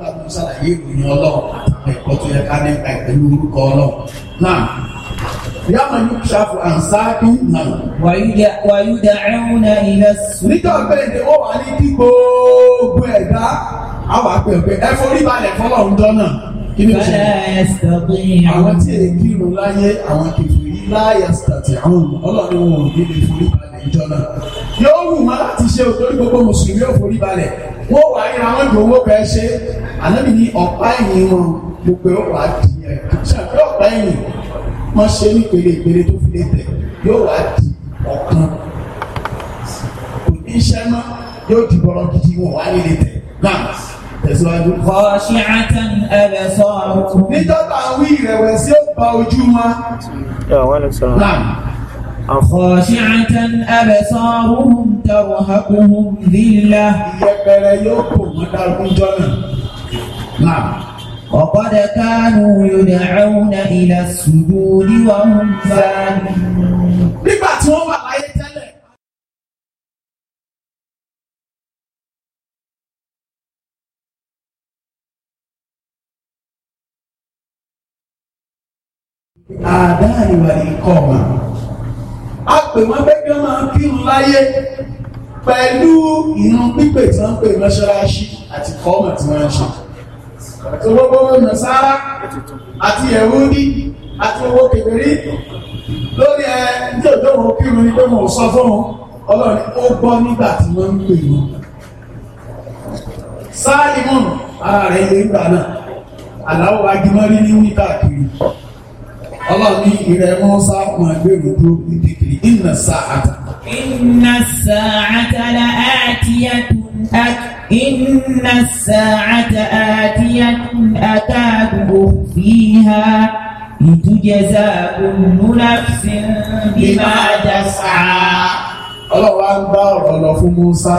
nígbà tó ṣàlàyé ìròyìn ọlọ́run àtàwọn ẹ̀kọ́ yàmà ní ṣàfù àǹsáàbí náà. wàyúdà ẹ̀húnà ilẹ̀ sùn. nígbà bẹ́ẹ̀ ó wà ní kí ẹ̀dá àwọn àpẹẹ̀pẹ̀ ẹ forí balẹ̀ fọlọ́run dọ́nà. kí ni ó ṣe àwọn tí èkìrò láyé àwọn kìfì láàyè àtàtì àwọn ọlọ́run wọn ò ní lè forí balẹ̀ ìjọ náà. yóò wù wá láti ṣe òtórí gbogbo mùsùlùmí ò forí balẹ̀ wọ́n wà ní àwọn ìdòwò bẹ́ẹ̀ ṣe ànábì ní ọ̀pá ẹ̀yìn wọn gbogbo ẹ̀ wà á di ẹ̀ ṣàbí ọ̀pá ẹ̀yìn wọ́n ṣe ní ìpele ìpele tó fi lè tẹ̀ yóò wà á di ọ̀kan kò ní iṣẹ́ mọ́ yóò di bọ́lọ́ gidi wọn wà á lè tẹ̀ gbàǹs tẹ̀síwájú. kọ́ṣí àtàn ẹ̀rẹ̀ sọ àrùn. níjọ́ tá a wí ìrẹ̀wẹ̀sì ó gba ojú wọn. خاشعة أبصارهم ترهقهم ذلة وقد كانوا يدعون إلى السجود وهم سالمون àdáàrí wà ní ikọ̀ ọ̀mà a pè wọ́n pé kí wọ́n máa kírun láyé pẹ̀lú ìrun pípè tí wọ́n pè mọ́ṣáláṣí àti kọ́ọ̀mà tí wọ́n ń ṣe tó gbogbo nàṣàrà àti ẹ̀wúdí àti owó kékeré lórí ẹ ní ọjọ́ wọn kírun ní pé wọn ò sọ fún wọn ọlọ́run ó gbọ́ nígbà tí wọ́n ń pè wọn sáà ìmọ̀nà ara rẹ̀ lè gbà náà àláwọ̀ agimọ́rí ní wíńtà kiri ọlọ́run ní ìrẹ́ mọ́sá máa gbèrò dúró ní dìgírì iná sàáta. iná sàáta la àtìyàtún iná sàáta àtìyàtún àtàgbò fìhà ìtújẹsà olùmúnàfíì bí máa dà sàá. ọlọ́run á ń bá ọ̀rọ̀ lọ fún mọ́sá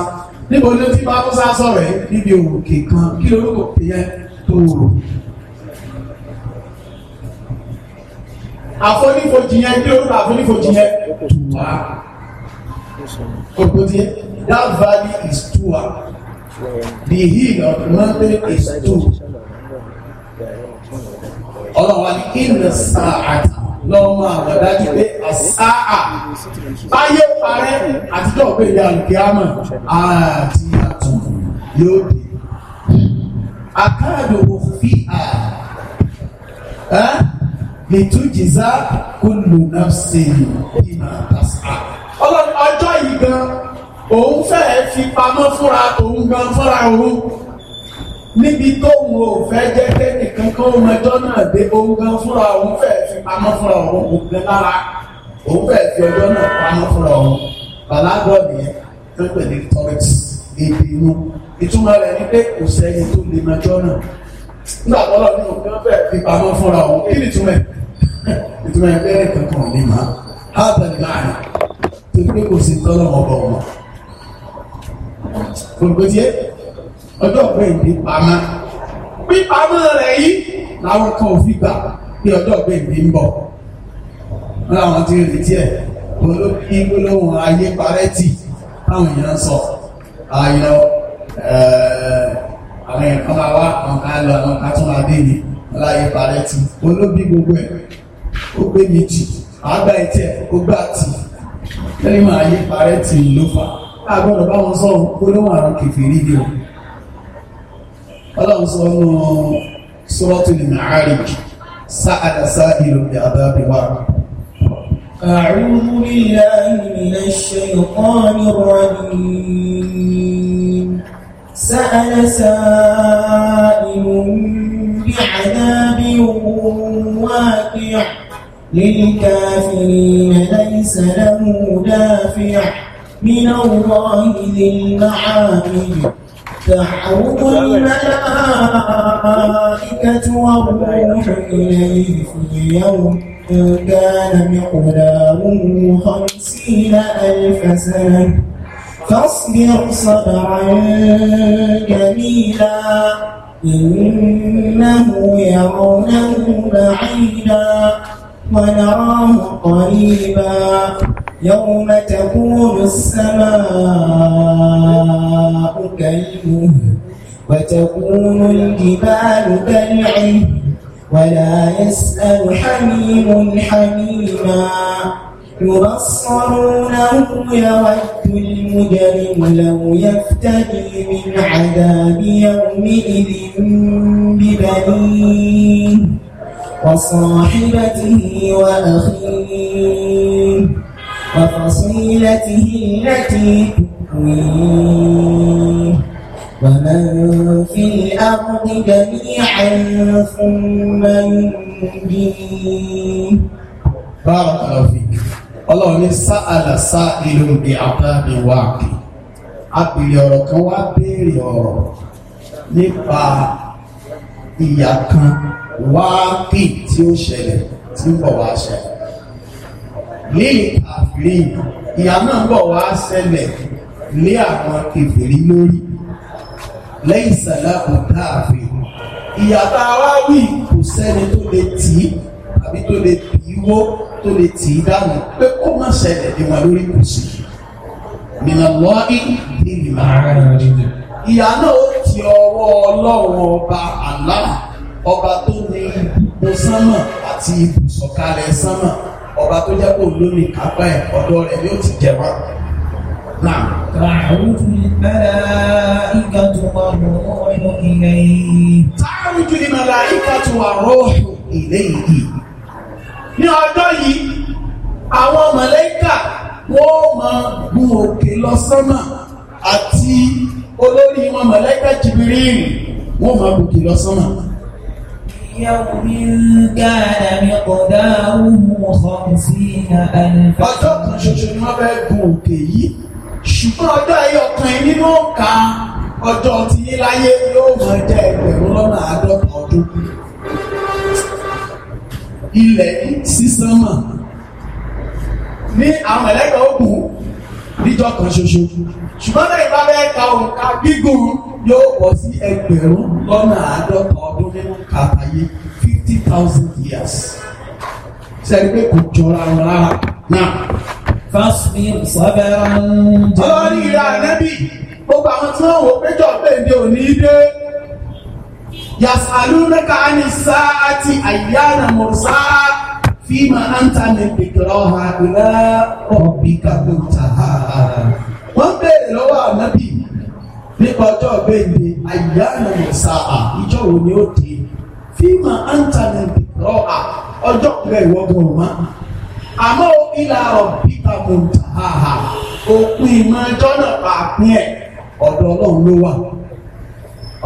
níbo ló ti bá mọ́sá sọ̀rọ̀ yìí níbi òkè kan kí lórúkọ pè é tó àfonífojì yẹn kí lórúkọ àfonífojì yẹn tùwà kòtò tiẹ̀ that valley is tùwà the hill of mountain is tùwà ọlọ́wà ní ìnà sáà lọ́mọ àgbàdájú pé àsáà báyé parẹ́ àtijọ́ pé ìyá alùkíámà àti àtùn yóò dé àkáàdò òfin à lẹ́tùjìzá kúlù náà ṣe bí máa tàṣà. ọlọ́run ọjọ́ yìí gan òun fẹ́ẹ́ fi pamọ́ fúnra tòun gan fúnra òun níbi tóun ò fẹ́ jẹ́ kẹ́nìkan kó mọjọ́ náà dé òun gan fúnra òun fẹ́ẹ́ fi pamọ́ fúnra òun òun gan lára òun fẹ́ẹ́ fi ọjọ́ náà pamọ́ fúnra òun bàlágọ́ nìyẹn tó ń pè ní tọ́rẹ́tì èdè inú ìtumọ̀ rẹ̀ ni pé kò sẹ́ni tó lè mọjọ́ náà nígbà tó lọ ní òun fẹ́ẹ́ fi pamọ́ fúnra òun kí ni túmọ̀ ìtura ẹgbẹ́rẹ́ kankan ní ma á bẹ̀rẹ̀ láàrin tó pé kò sí tọ́lọ́ ọ̀bọ̀ wọn. olùgbèsè ọjọ́ ọ̀pẹ ìdí pamọ́ pípamọ́ rẹ̀ yìí làwọn kan ò fi gbà pé ọjọ́ ọ̀pẹ ìdí ń bọ̀ láwọn ti retí ẹ̀ olókì gbólóhùn ayé parẹ́tì táwọn èèyàn sọ ayọ̀ eh, àwọn èèyàn kan máa wá àwọn kan lọ àwọn kan tún máa dé ní láyé parẹ́tì olóbí gbogbo ẹ̀ ó gbé méjì àgbà ẹ̀tẹ̀ ó gbá tì lẹ́yìn máa yí parẹ́ tì ló fà á gbọ́dọ̀ bá wọn sọ̀rọ̀ gbólóhùn àrùn kẹfìrí bí o ọlọ́run sọ nù sọ́rọ́tù ní àárẹ̀jì sáàdà sáàdìrò ní àdábìwá أعوذ بالله من الشيطان الرجيم سأل سائل بعذاب واقع للكافرين ليس له دافع من الله ذي المعامل تحرق الملائكة والروح إليه في يوم كان مقداره خمسين ألف سنة فاصبر صبرا جميلا إنه يرونه بعيدا ونراه قريبا يوم تكون السماء كالمه وتكون الجبال كالعه ولا يسأل حميم حميما يبصرونه يود المجرم لو يفتدي من عذاب يومئذ ببنيه وصاحبته وأخيه وفصيلته التي تؤويه ومن في الأرض جميعا ثم ينجيه بارك الله فيك الله ní سأل سائل بعذاب واقع أبي ọ̀rọ̀ kan wá béèrè ọ̀rọ̀ wáákì tí ó ṣẹlẹ̀ tí ń bọ̀ wá ṣẹ. Lílì àfìrí ìyá náà bọ̀ wá ṣẹlẹ̀ lé àwọn kèfèrí lórí. Lẹ́yìn ìsàlẹ̀ ọ̀tá àfìrí. Ìyá tá a wá wí kò sẹ́ni tó lè tì í tàbí tó lè bì í wó tó lè tì í dànù pé kó má ṣẹlẹ̀ ní wọn lórí kò sí. Mìnàlọ́ọ̀dì ní ìlú Ìyá náà ó ti ọwọ́ ọlọ́run ọba Allah ọba tó ní ipò sánmà àti ibùsọ̀kalẹ̀ sánmà ọba tó jẹ́ kó lónìí kápá ẹ̀ ọ̀dọ́ rẹ̀ ni ó ti jẹ wá. Náà. Tààrùtù màláìkàtù wà rọ́ọ̀hù ìlẹ́yìn. Tààrùtù màláìkàtù wà rọ́ọ̀hù ìlẹ́yìn. Ní ọjọ́ yìí, àwọn màláìkà wọ́n máa gun òkè lọ sánmà àti olórí wọn màláìkà Jibril wọ́n máa gòkè lọ sánmà. يوم كان مقداره خمسين ألفا ọjọ́ kan ṣoṣo ni wọ́n fẹ́ gun òkè yìí ṣùgbọ́n ọjọ́ ayé ọkùnrin nínú òǹkà ọjọ́ ti yín láyé yóò máa jẹ́ ẹgbẹ̀rún lọ́nà àádọ́ta ọdún ilẹ̀ sísán mọ̀ ní àwọn ẹlẹ́gbẹ̀ẹ́ ògùn níjọ́ kan ṣoṣo ṣùgbọ́n náà ìbá bẹ́ẹ̀ ka òǹkà gígùn yóò bọ̀ sí ẹgbẹ̀rún lọ́nà àádọ́ta ọdún nínú kàtàyé fifty thousand years sẹ́ni pé kò jọra wọn rárá náà. fasbir sabran jẹ́. ọlọ́rí ìlà ànábì gbogbo àwọn tí wọ́n wò péjọ péde òní dé yasalunaka ani saati ayyana mursa fima anta min dhikraha ila rabbika muntaha wọ́n béèrè lọ́wọ́ ànábì nípa ọjọ́ gbèǹde àyànnà sáà ìjọ wo ni ó dé fíìmà antanen rọ à ọjọ́ pẹ́ ìwọ́gbọ̀n ọ̀ma àmọ́ ìlà ọ̀bí tàbùntà àhà òpin ìmọ̀ ẹjọ́ náà pàápín ẹ̀ ọ̀dọ̀ ọlọ́run ló wà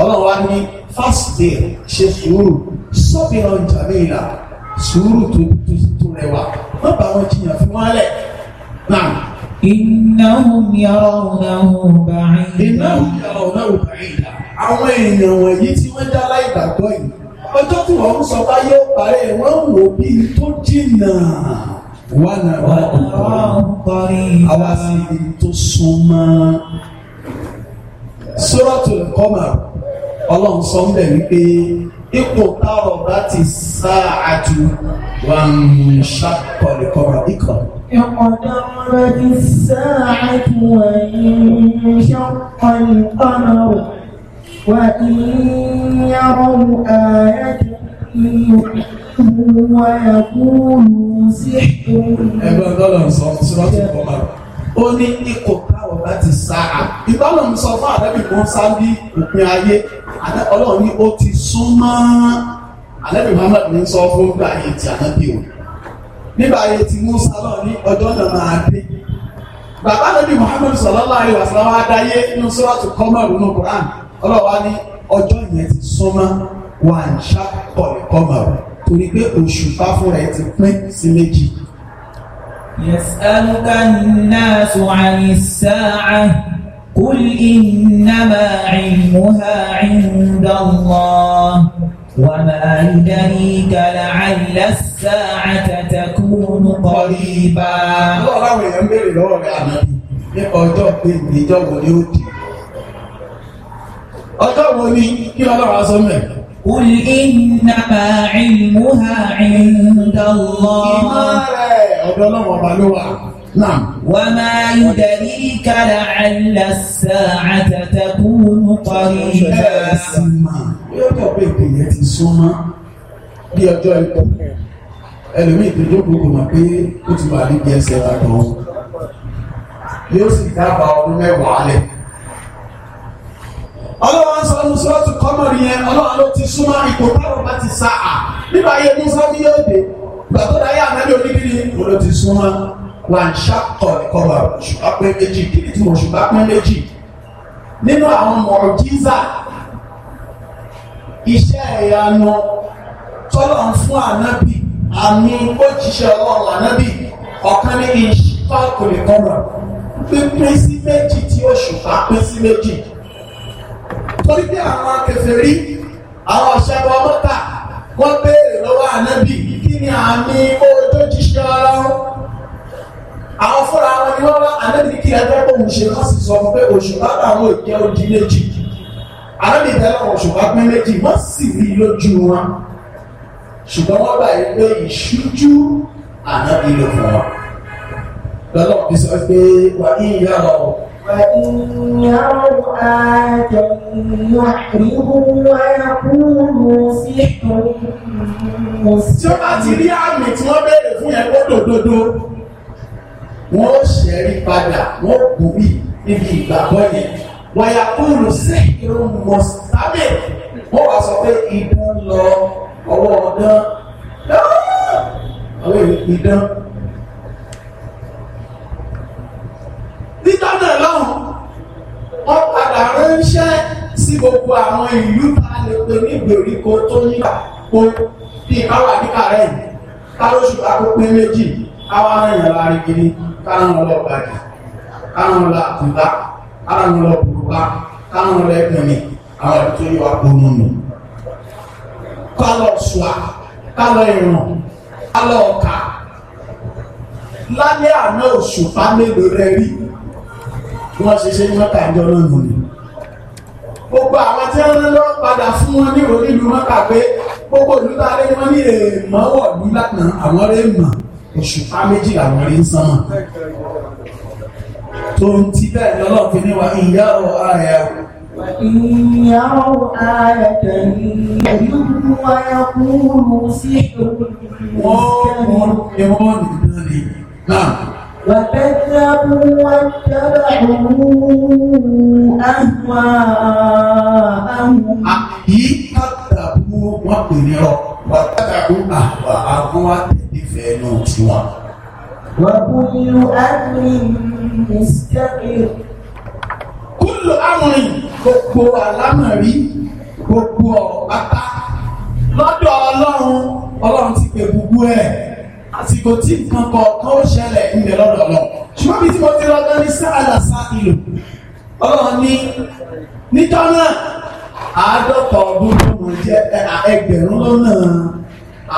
ọlọ́run wá ní fásitì ṣe sùúrù sọ́bìrì ọjà mìíràn sùúrù tó rẹwà má bàa wọn jiyàn fún wọn lẹ̀ náà. إنهم يرونه بعيدا إنهم يرونه بعيدا àwọn èèyàn wọ̀nyí tí wọ́n dá láìgbàgbọ́ yìí ọjọ́ tí wọ́n ń sọ bá yóò parẹ́ wọ́n ń wò bí tó jìnnà wà lára ọkùnrin àwa sì ni tó súnmọ́. Suratul Qamar ọlọ́run sọ ń bẹ̀ wípé ipò táwọn bá ti sáà àjù wà ń ṣàkọlẹ̀kọ̀rọ̀ ìkọ̀rọ̀. اقتربت الساعة وانشق القمر وإن يروا آية ويقولوا سحر ẹgbẹ́ dọ́là ń sọ síwájú ìkọ́mà ó ní ikò káwọ̀ láti sáà ìbálòm sọ fún àdẹ́bì kan sáàbí òpin ayé ọlọ́run ní ó ti súnmọ́ àdẹ́bì Muhammad ní sọ fún gbàyè ti ànábì òun nígbà ayé ti Musa lọ ní ọjọ́ náà máa dé bàbá nàbí Muhammad sallallahu alaihi wasallam adáyé inú sọ́wọ́tò kọ́mọ̀rù nù Quran ọlọ́wà ní ọjọ́ yẹn ti súnmọ́ wà ń ṣàkọ̀ kọ́mọ̀rù torí pé òṣùpá fúnra ẹ ti pín sí méjì. يسألك الناس عن الساعة قل إنما علمها عند الله وما يدريك لعل الساعة تكون قريبا ọlọ́run àwọn èèyàn béèrè lọ́wọ́ rẹ̀ ànábì nípa ọjọ́ gbèǹde ìjọ wo ni ó di ọjọ́ wo ni kí ọlọ́run aṣọ mẹ́. قل إنما علمها عند الله. ìmọ̀ rẹ̀ ọ̀dọ̀ ọlọ́run ọba ló wà. نعم وما يدريك لعل الساعة تكون قريبا yóò dàbí èdè yẹn ti súnmọ́ bí ọjọ́ ikú ẹlòmíì tó jókòó kò mọ̀ pé ó ti wà níbi ẹsẹ̀ ìbàdàn o yóò sì dábàá ọdún mẹ́wàá lẹ̀. ọlọ́wọ́ sọ ní sọ́ọ́tù kọ́mọ̀rì yẹn ọlọ́wọ́ ló ti súnmọ́ ipò táwọn bá ti sa à nígbà yẹn ní sọ́ọ́tù yóò dé gbàgbọ́ dáyé àmẹ́lì oníkiri òun ló ti súnmọ́ wàǹṣà kọ̀ ẹ̀kọ́ wa ṣùgbọ́n pé méjì kìrìtì òṣùgbọ́n pé méjì nínú àwọn mọ̀ọ́jíza iṣẹ́ ìyanu tọ́lọ̀ ń fún ànábì àmì òjíṣẹ́ ọlọ́run ànábì ọ̀kan ní ìṣípá kò lè kọ́mọ̀ pínpín sí méjì tí òṣùpá pín sí méjì torí pé àwọn akẹfẹ̀rí àwọn ọ̀ṣẹ́gun ọmọta wọ́n béèrè lọ́wọ́ ànábì kí ni àmì òjíṣẹ́ ọlọ́run àwọn fúnra wọn ni wọ́n wá ànábì kí ẹgbẹ́ òun ṣe lọ́sì sọ pé òṣùpá àwọn ìjẹ́ òjì méjì àrẹ́bì tẹ́lẹ̀ wọn ṣùgbọ́n pín méjì wọ́n sì rí lójú wọn ṣùgbọ́n wọ́n gbà yí pé ìṣújú ànábì ló fún wọn lọ́lọ́ fi sọ pé wà ní ìyá lọ. وَإِنَّهُ آتٍ يَحْرِمُ وَيَقُولُ سِحْرٌ tí ó bá ti rí àmì tí wọ́n béèrè fún yẹn kó dòdòdó wọ́n ṣẹ̀rí padà wọ́n kù mí níbi ìgbàgbọ́ yẹn wàyà kúlù sí irun mọ̀sábì wọ́n wá sọ pé idán lọ ọwọ́ ọ̀dán ọwọ́ idán. títà náà lọ́hùn wọ́n padà ránṣẹ́ sí gbogbo àwọn ìlú tá a lè pè ní ìgbèríko tó ní àpò bíi káwà ní kàrẹ́ yìí kálóṣù kakó pé méjì káwá rìn láàrin kiri káwọn ọlọ́pàá jù káwọn ọlọ́pàá Ala lọ bùrùbá káwọn lọ ẹgbọn mi àwọn ẹbí tó yẹ wá kó nù nù. kálọ̀ ṣùà kálọ̀ ìrùn ka. ọ̀ka lálẹ́ àná òṣùpá mélòó rẹ rí wọ́n ṣe ṣe ní mọ́ta ìjọ náà nù ní. gbogbo àwọn tí wọ́n lọ padà fún wọn ní ìròyìn ìlú mọ́ta pé gbogbo ìlú tá a lé wọn ní èèmọ́ wọ̀lú lánàá àwọn rẹ̀ mọ̀ òṣùpá méjì làwọn rí ń sánmọ̀ tó ń ti bẹ́ẹ̀ lọ́lọ́ fi ní wa ìyá ọ̀ ààyà. ìyá ọ̀ ààyà tẹ̀lé ìlú wáyà kúrú sí ìlú. wọ́n mú ẹwọ́n nìkan ni náà. وكذبوا واتبعوا أهواءهم Ìkàtàbù wọn pè ní ọ, wàtàbù àwọn àwọn àtẹ̀lẹ́fẹ̀ẹ́ náà tí وكل أمر مستقر كل أمر gbogbo àlámọ̀rí gbogbo ọ̀rọ̀ pátá lọ́dọ̀ ọlọ́run ọlọ́run ti pè gbogbo ẹ̀ àsìkò tí nǹkan kọ̀ọ̀kan ó ṣẹlẹ̀ ilẹ̀ lọ́dọ̀ lọ ṣùgbọ́n bí tí mo ti lọ́dọ̀ ní sáàlà sáàlù ọlọ́run ní nítọ́ àádọ́ta ọdún tó mọ̀ jẹ́ ẹgbẹ̀rún lọ́nà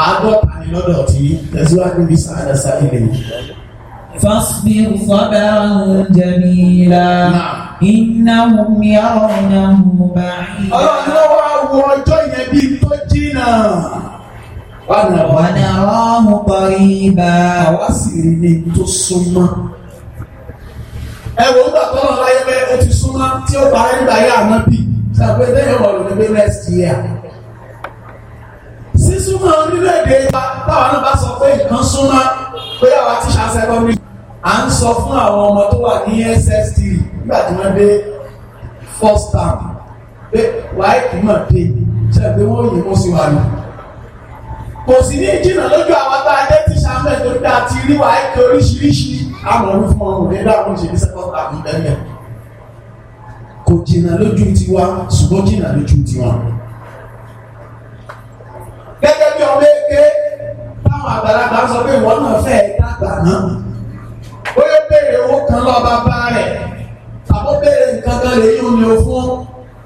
àádọ́ta ni lọ́dọ̀ tí tẹ̀síwájú bí sáàdà sáàlẹ̀ yìí. فاصبر صبرا جميلا إنهم يرونه بعيدا ونراه قريبا ẹwọ ń gbàgbọ́ ọ̀la ẹgbẹ́ o ti súnmọ́ tí ó parí nígbà yá àná bíi ṣàpèjẹ́ ìrọ̀lù nígbà next year sísúnmọ́ orílẹ̀-èdè táwọn náà bá sọ pé nǹkan súnmọ́ pé àwa ti ṣàṣẹ́kọ̀ọ́ mi. à ń sọ fún àwọn ọmọ tó wà ní SST nígbà tí wọ́n dé first term pé wàá kì í mọ̀ dé ṣe pé wọ́n yẹ kó sí wa lọ. kò sí ní jìnnà lójú àwọn tá a jẹ́ tí sàmúlẹ̀ tó dá ti rí wàá kí oríṣiríṣi àwọn ọdún fún ọrùn ní dáhùn ṣe ní second term bẹ́ẹ̀ kò jìnnà lójú tiwa ṣùgbọ́n jìnnà lójú tiwa gẹ́gẹ́ bí ọmọ eke táwọn àgbàlagbà sọ pé ìwọ náà fẹ́ dàgbà náà ó yẹ béèrè owó kan lọ bàbá rẹ̀ tàbó béèrè nǹkan kan lè yún ni o fún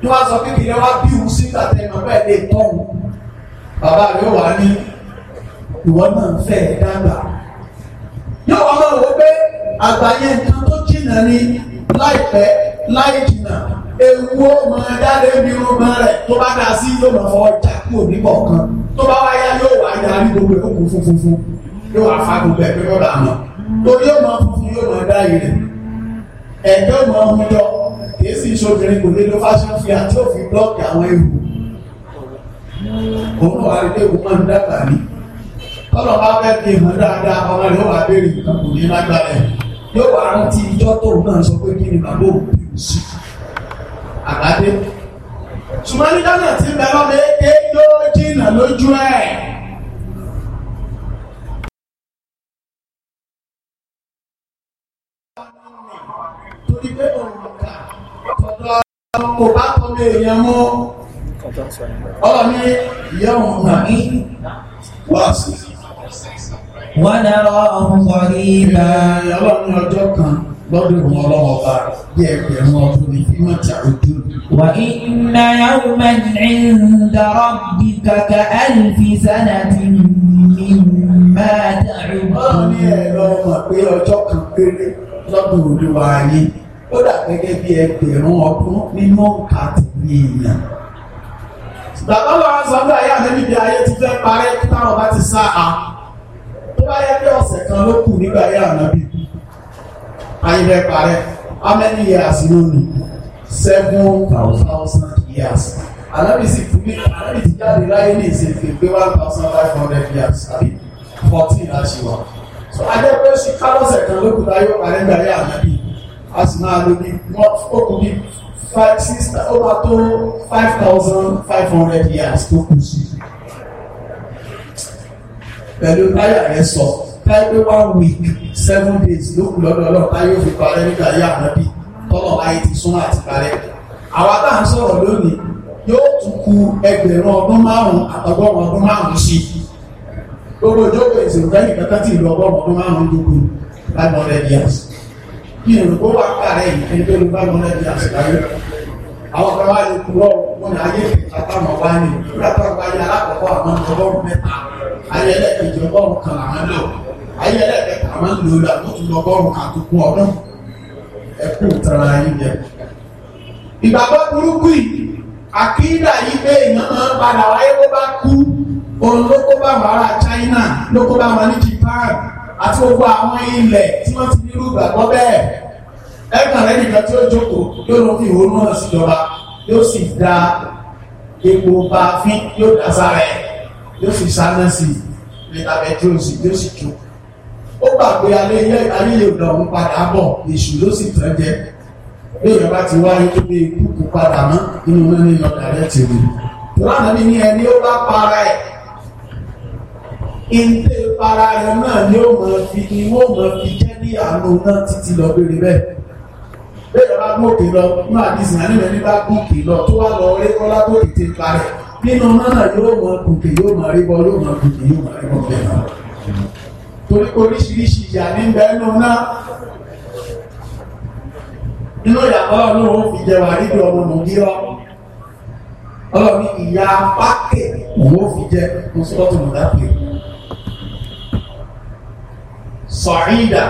ni wọ́n sọ pé kìlẹ̀ wá bí òun sí gbàtẹ́ ìmọ̀ bẹ́ẹ̀ lè tọ́ òun bàbá rẹ̀ wà ní ìwọ náà fẹ́ dàgbà yóò wọ́n máa wọ pé àgbáyé nǹkan tó jìnnà ni láìpẹ́ láì jìnnà ewu ó máa jáde bí irun máa rẹ̀ tó bá dá sí yóò máa fọ ọjà kúrò níbọ̀ kan tó bá wáyá yóò wá yarí gbogbo ẹ̀ kó yóò wá fa gbogbo ẹ̀ pé wọ́n dà mọ́ torí máa funfun yóò máa dá yìí rẹ̀ ẹ̀jọ́ máa mú yọ kìí sì ṣobìnrin kò ní ló fi àti òfin blọọkì àwọn ewu òun wà nílé ìwọ máa ń dàgbà ní kọ́nà bá fẹ́ fi hàn dáadáa ọmọ rẹ̀ ó béèrè nǹkan kò ní lágbára yóò wá rántí ijọ́ tóun náà sọ pé kí ni bàbá òun bí òun sí àgbàdé ṣùgbọ́n nígbà náà ti bẹ̀rẹ̀ lọ́dẹ èké ló jìnnà lójú ẹ̀. torí pé òun kà tọ́dọ̀ kò bá tọ́mọ èèyàn mú ọlọ́ni ìyá òun nà ní wọ́ọ̀sì. wọ́n dára ọ̀hún sọ̀rí ibà. ọlọ́run ọjọ́ kan lọ́dọ̀ ìwọ̀n ọlọ́wọ́ bá bí ẹgbẹ̀rún ọdún ní bí wọ́n ta ojú. wà iná yàwó mẹ́rin dọ̀rọ̀ bí kàkà àlùfí sánà ti mi máa dàrú. wọ́n ní ẹ̀rọ ọmọ pé ọjọ́ kan péré lọ́dọ̀ olúwa yìí ó dà gẹ́gẹ́ bí ẹgbẹ̀rún ọdún nínú òǹkà tèmi èèyàn. bàbá wa sọ pé ayé àdébí bí ayé ti fẹ́ parẹ́ táwọn bá ti sá a tó bá yẹ pé ọ̀sẹ̀ kan ló kù nígbà ayé ayé bẹ́ẹ̀ parẹ́ how many years ló ní seven thousand years And let me sì fún mi alábì ti jáde láyé ní ìsìnkú pé one thousand five hundred years àbí fourteen as láti wà so I pé ṣì she kan lókùn láyé ó parẹ́ gbàrí ànábì a as máa lo ní okùn ní five six ó máa five thousand five hundred years tó kù sí pẹ̀lú táyà rẹ̀ sọ. So every one week seven days ló kù lọ́dọ̀ ọlọ́run táyé òfin parẹ́ nígbà yá ànábì tọ́lọ̀ láyé ti súnmọ́ àti parẹ́ àwa tá à ń sọ̀rọ̀ lónìí yóò tún ku ẹgbẹ̀rún ọdún márùn-ún àtọgọ́rùn ọdún márùn-ún sí gbogbo ìjókòó ìsìnkú ẹnì kankan tí ìlú ọgọ́rùn ọdún márùn-ún dúkù five hundred years bí ìrùkó wà kárẹ̀ yìí ẹni tó lu five hundred years láyé àwọn kan wá lè kúrọ̀ wọn ayé àtàwọn wá ní ìgbà tó wáyé alákọ̀ọ́kọ́ àwọn ọgọ́rùn mẹ́ta ayẹyẹ ìjọba ọ̀kan àwọn lò ayé ẹlẹ́ẹ̀kẹta máa ń lò lọ àtúntò lọ́gọ́rùn-ún àtúkù ọdún ẹkú tara yín jẹ. ìgbàgbọ́ burúkú yìí àkíńdà yìí pé èèyàn máa ń padà wáyé bó bá kú òun ló kó bá wàhálà China ló kó bá wọn ní Japan àti gbogbo àwọn ilẹ̀ tí wọ́n ti nírú ìgbàgbọ́ bẹ́ẹ̀ ẹ̀gbọ́n rẹ̀ nìkan tí ó jókòó yóò lọ fi ìwò náà síjọba yóò sì da epo bàfin yóò dà sára ẹ̀ yóò sì sáná sí i lẹ́tàbẹ̀tì òsì yóò sì jókòó ó gbà pé ayé yóò dàn òun padà bọ̀ èṣù ló sì tàn jẹ bí ìjọba ti wáyé tó bí ikú kó padà mọ́ inú mẹ́rin ní ọ̀dà rẹ̀ ti rí lánàá ni ní ẹni ó bá para ẹ̀ ìdè para ẹ̀ náà ni ó mọ̀ fi ni ó mọ̀ fi jẹ́ ní àánú náà títí lọ bèrè bẹ́ẹ̀ bẹ́ẹ̀ lọ́ba gòkè lọ nínú àdìsí náà nílẹ̀ nígbà gòkè lọ tó wà lọ rí kọ́lá tó tètè parẹ́ nínú náà yóò mọ̀ gòkè yóò mọ̀ rí bọ́ yóò mọ̀ gòkè yóò mọ̀ rí bọ́ bẹ́ẹ̀ náà torí oríṣiríṣi ìyà ní bẹ́ẹ̀nù náà inú ìyàbọ̀ ọlọ́run fi jẹ wà níbi ọmọ nàìjíríà ọlọ́run ìyá pákẹ́ òun fi jẹ mọ́sọ́tò mọ́lápẹ̀ sọ̀rídà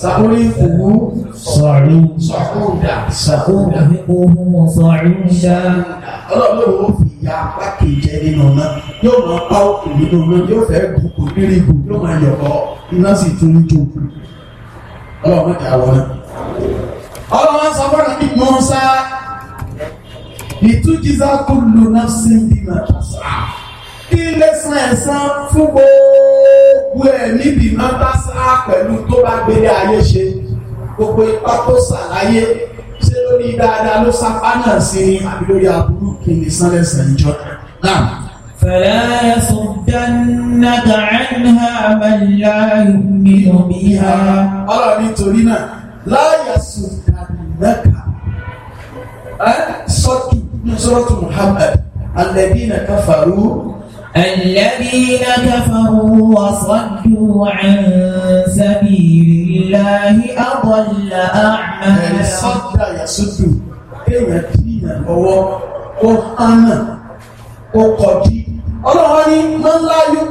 sàkúrìfù sọ̀rídà sàkúrìdà sàkúrìdà ohun sọ̀rídà ọlọ́run òun fi ìyá apá kejì nínú náà yóò máa pa òkè nínú náà yóò fẹ́ bùkún nínú ibù yóò máa yọ̀kọ́ iná sì tún ní jòkó ọlọ́run ti àwọn náà. ọlọ́run sọ fọ́nà bí mọ́sá ìtújísá kò lò náà sí bí máa tàṣà kí lẹ́sàn ẹ̀sán fún gbogbo ẹ̀ níbi máa tàṣà pẹ̀lú tó bá gbélé ayé ṣe gbogbo ipá tó sàlàyé. ṣé lórí dáadáa ló sapá náà sí ni àbí lórí aburú kí ni sánlẹ̀sán ìjọ náà. فلا يصدنك عنها من لا يؤمن بها. ọ̀rọ̀ nítorí náà láyà sùdánnáka sọ́tù ní sọ́tù Muhammad alẹ́bí náà káfàrú. الذين كفروا وصدوا عن سبيل الله أضل أعمالهم. صد èèyàn sódò kéèyàn díyàn lọ́wọ́ kó hánà kó kọjú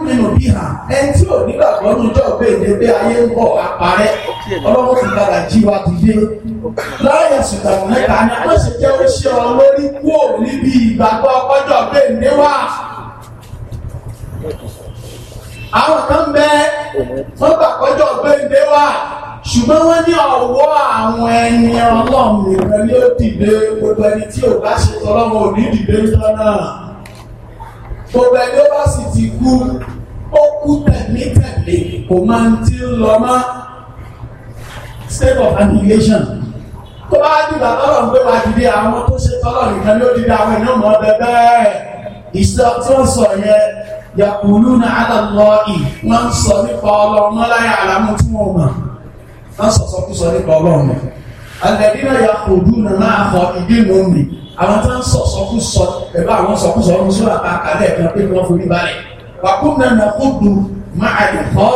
bí hà ẹni tí ò nígbàgbọ́ lójọ́ gbèdé pé ayé ń bọ̀ àparẹ́ ọlọ́wọ́ ti padà jí wa dìde láàyè ṣùgbọ́n mẹ́ta ni wọ́n ṣe jẹ́ oṣù ọlórí kú ò níbi ìgbàgbọ́ ọjọ́ gbèdé wà àwọn kan bẹ́ẹ̀ wọ́n gbàgbọ́jọ́ gbèdé wà ṣùgbọ́n wọ́n ní ọ̀wọ́ àwọn ẹni ọlọ́run nìkan ni ó dìde gbogbo ẹni tí ò bá ṣe tọ́lọ́mọ ò ní dìde lọ́nà gbogbo ẹni ó bá sì ti kú ó kú tẹ̀mítẹ̀lé kò máa ń tí lọ mọ́ state of annihilation tó bá dìgbà tọ́lọ̀ ń gbé wa dìde àwọn tó ṣe tọ́lọ̀ nìkan ló dìde àwọn èèyàn mọ́ ọbẹ̀ bẹ́ẹ̀ ìṣe tí wọ́n sọ yẹn yàkùlù náà lọ ì wọ́n ń sọ nípa ọlọ́mọláyà àlámú tí wọ́n mọ̀ sọ̀sọ́kúsọ nípa ọlọ́run mi àlẹ́bí náà yà kò dùn náà náà kọ ìdí ìmọ̀ mi àwọn tó ń sọ̀sọ́kúsọ ẹ̀bá àwọn sọ̀kúsọ ọ̀run sórí àpá àkàlẹ̀ kan pé wọ́n forí balẹ̀ wàkúnnà náà kó dùn máa lè kọ́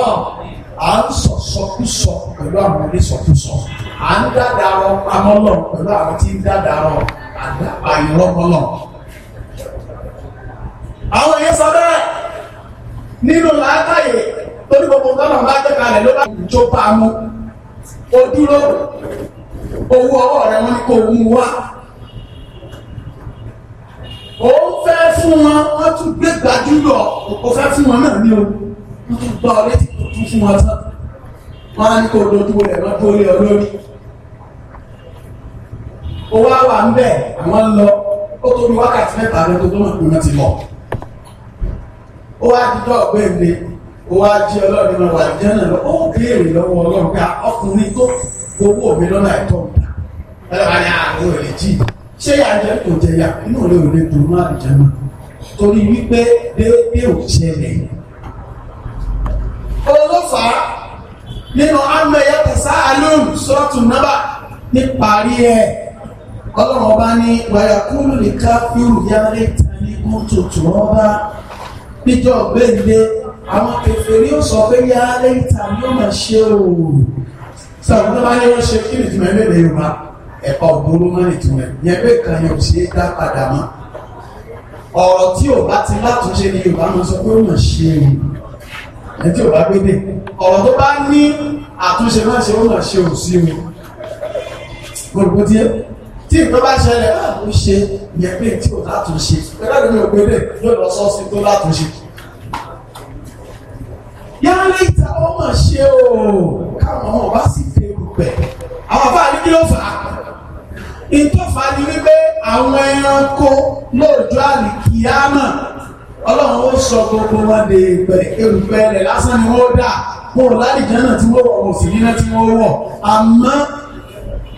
à ń sọ̀sọ́kúsọ pẹ̀lú àwọn ilé sọ̀kúsọ à ń dáadáa pamọ́lọ̀ pẹ̀lú àwọn tí ń dáadáa àyọ̀rọ̀mọ́lọ̀ àwọn èèyàn sọ bẹ́ẹ̀ nínú làákàyè torí gbogbo nǹkan náà bá jẹ́ kalẹ̀ ló bá jọ mú o dúró owó ọwọ́ rẹ wọ́n ní kó mú wá ó fẹ́ fún wọn wọ́n tún gbé gbajúlọ̀ ó fẹ́ fún wọn náà ní o wọ́n tún gbọ́ ọ létí tó tún fún wọn tán wọ́n á ní kó dojú rẹ̀ wọ́n tó lé ọ lórí ó ń bẹ̀ àwọn lọ ó tó wákàtí mẹ́ta lọ tó tó mọ̀ pé wọ́n ti lọ ó wá dídọ́ ọ̀gbẹ́ni ó wá jí ọlọ́run lọ wà jẹ́ náà ó béèrè lọ́wọ́ ọlọ́run pé ọkùnrin tó owó mi lọ́nà ẹ̀tọ́ ẹ̀rọ àwọn èrè jì ṣé àjẹ́ kò jẹyà inú rẹ̀ ò lè dùn mọ́ àjẹ́ náà torí wípé déédé ò ṣẹlẹ̀ olófàá nínú amẹ́yẹ tẹ̀sán alóhùn sọ́ọ̀tù náà níparí ẹ̀ ọlọ́run ọba ní wàyàkúrú nìkan fíìrù yára lè tẹ̀lé kó tuntun ọba níjọ́ gbẹ̀ǹde àwọn kèfèrí ó sọ pé yá lẹ́yìntà ni ó máa ṣe òòrùn sọ̀rọ̀ tó bá yẹ wọ́n ṣe kí nìtúmọ̀ ẹgbẹ́ lè yorùbá ẹ̀kọ́ ògbóró mọ́ nìtúmọ̀ yẹn pé kan yóò ṣe é dá padà mọ́ ọ̀rọ̀ tí ò bá ti látúnṣe ni yorùbá máa sọ pé ó máa ṣe òòrùn ẹ̀ tí ò bá gbé dé ọ̀rọ̀ tó bá ní àtúnṣe máa ṣe ó máa ṣe òsì o gbogbo tí tí nǹkan bá ṣẹlẹ̀ láàtúnṣe yẹn pé tí ò látúnṣe pẹ̀lú yálà ìta ọmọ ṣe o káwọn ọmọ bá sì fi ewu pẹ̀ àwọn bá ní kí ló fà á ìtọ́fà ni wípé àwọn ẹranko lóòjọ́ àlìkìyámà ọlọ́run ó sọ gbogbo wọn dé ìpẹ̀ erùpẹ̀ rẹ̀ lásán ni wọ́n dà wọn ò lálìjẹ́ náà tí wọ́n wọ̀ wọ́n sì níná tí wọ́n wọ̀ àmọ́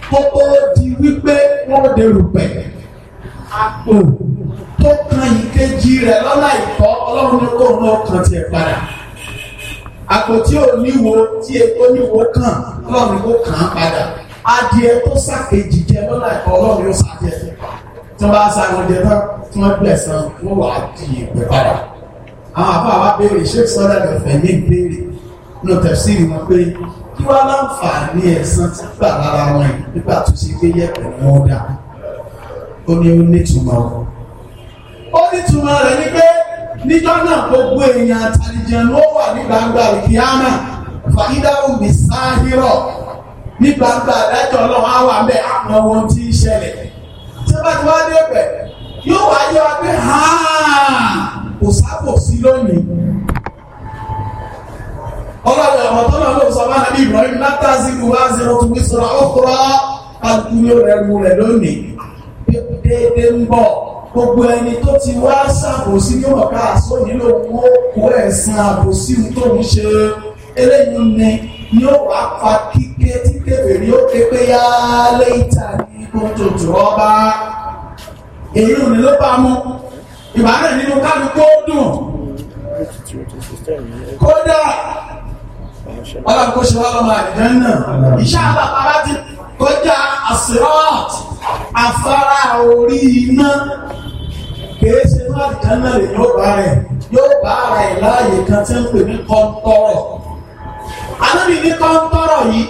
pópó di wípé wọ́n dé erùpẹ̀ àpò tó kan ìkejì rẹ̀ lọ́nà ìtọ́ ọlọ́run ní kó náà kàn tiẹ̀ padà àpò tí ò níwo tí epo níwo kàn ọlọ́run kò kàn án padà adìẹ tó sàkejì jẹ lọ́la ẹ̀kọ́ ọlọ́run yóò sàjẹ tí wọ́n bá sáré jẹ náà tí wọ́n bẹ̀ san wọ́n wà á di ìpè padà àwọn àbá wa béèrè ṣé sọ́dà lọ́fẹ̀ẹ́ ní ìbéèrè ní tẹ̀síìrì wọn pé kí wọ́n láǹfààní ẹ̀san tí gbà lára wọn yìí nígbà tó ṣe gbé yẹ̀pẹ̀ ní wọ́n dà ó ní ó nítumọ̀ rẹ̀ ní pé níjọ́ náà gbogbo èèyàn àtàlìjẹ ló wà ní gbangba ìkíámà fàyídáwò mi sáhírọ̀ ní gbangba àdájọ́ ọlọ́run á wà bẹ́ẹ̀ àwọn ohun tí ń ṣẹlẹ̀ tí wọ́n bá ti wá dé bẹ̀ yóò wáyé wa pé kò sábòsí lónìí ọlọ́run ọ̀rọ̀ tó náà ló bá nàbí Ibrahim látàzí ìwà zero two weeks ọ̀rọ̀ ọ̀kúrọ̀ àdúgbò rẹ̀ mú rẹ̀ lónìí déédéé ń bọ̀ gbogbo ẹni tó ti wá ṣàbòsí ní ọ̀ká àṣọ nílò owó kó ẹ̀sìn àbòsí tó ń ṣe eléyìí ni ni ó wá fa kíké tí kébèrè ó ké pé yá léyìítà ní kótótó ọba èyí ò ní ló bá mú ìbára nínú kálukú ó dùn kódà ọlọ́run kó ṣe wá lọ́mọ àdìjẹ́ náà iṣẹ́ àbàbà ti kọjá àṣírọ́ọ̀tì afárá orí iná kìí ṣe má dáná lè yóò bá rẹ̀ yóò bá rẹ̀ láàyè kan tí ń pè ní kọ́ńtọ́rọ̀ anábì ní kọ́ńtọ́rọ̀ yìí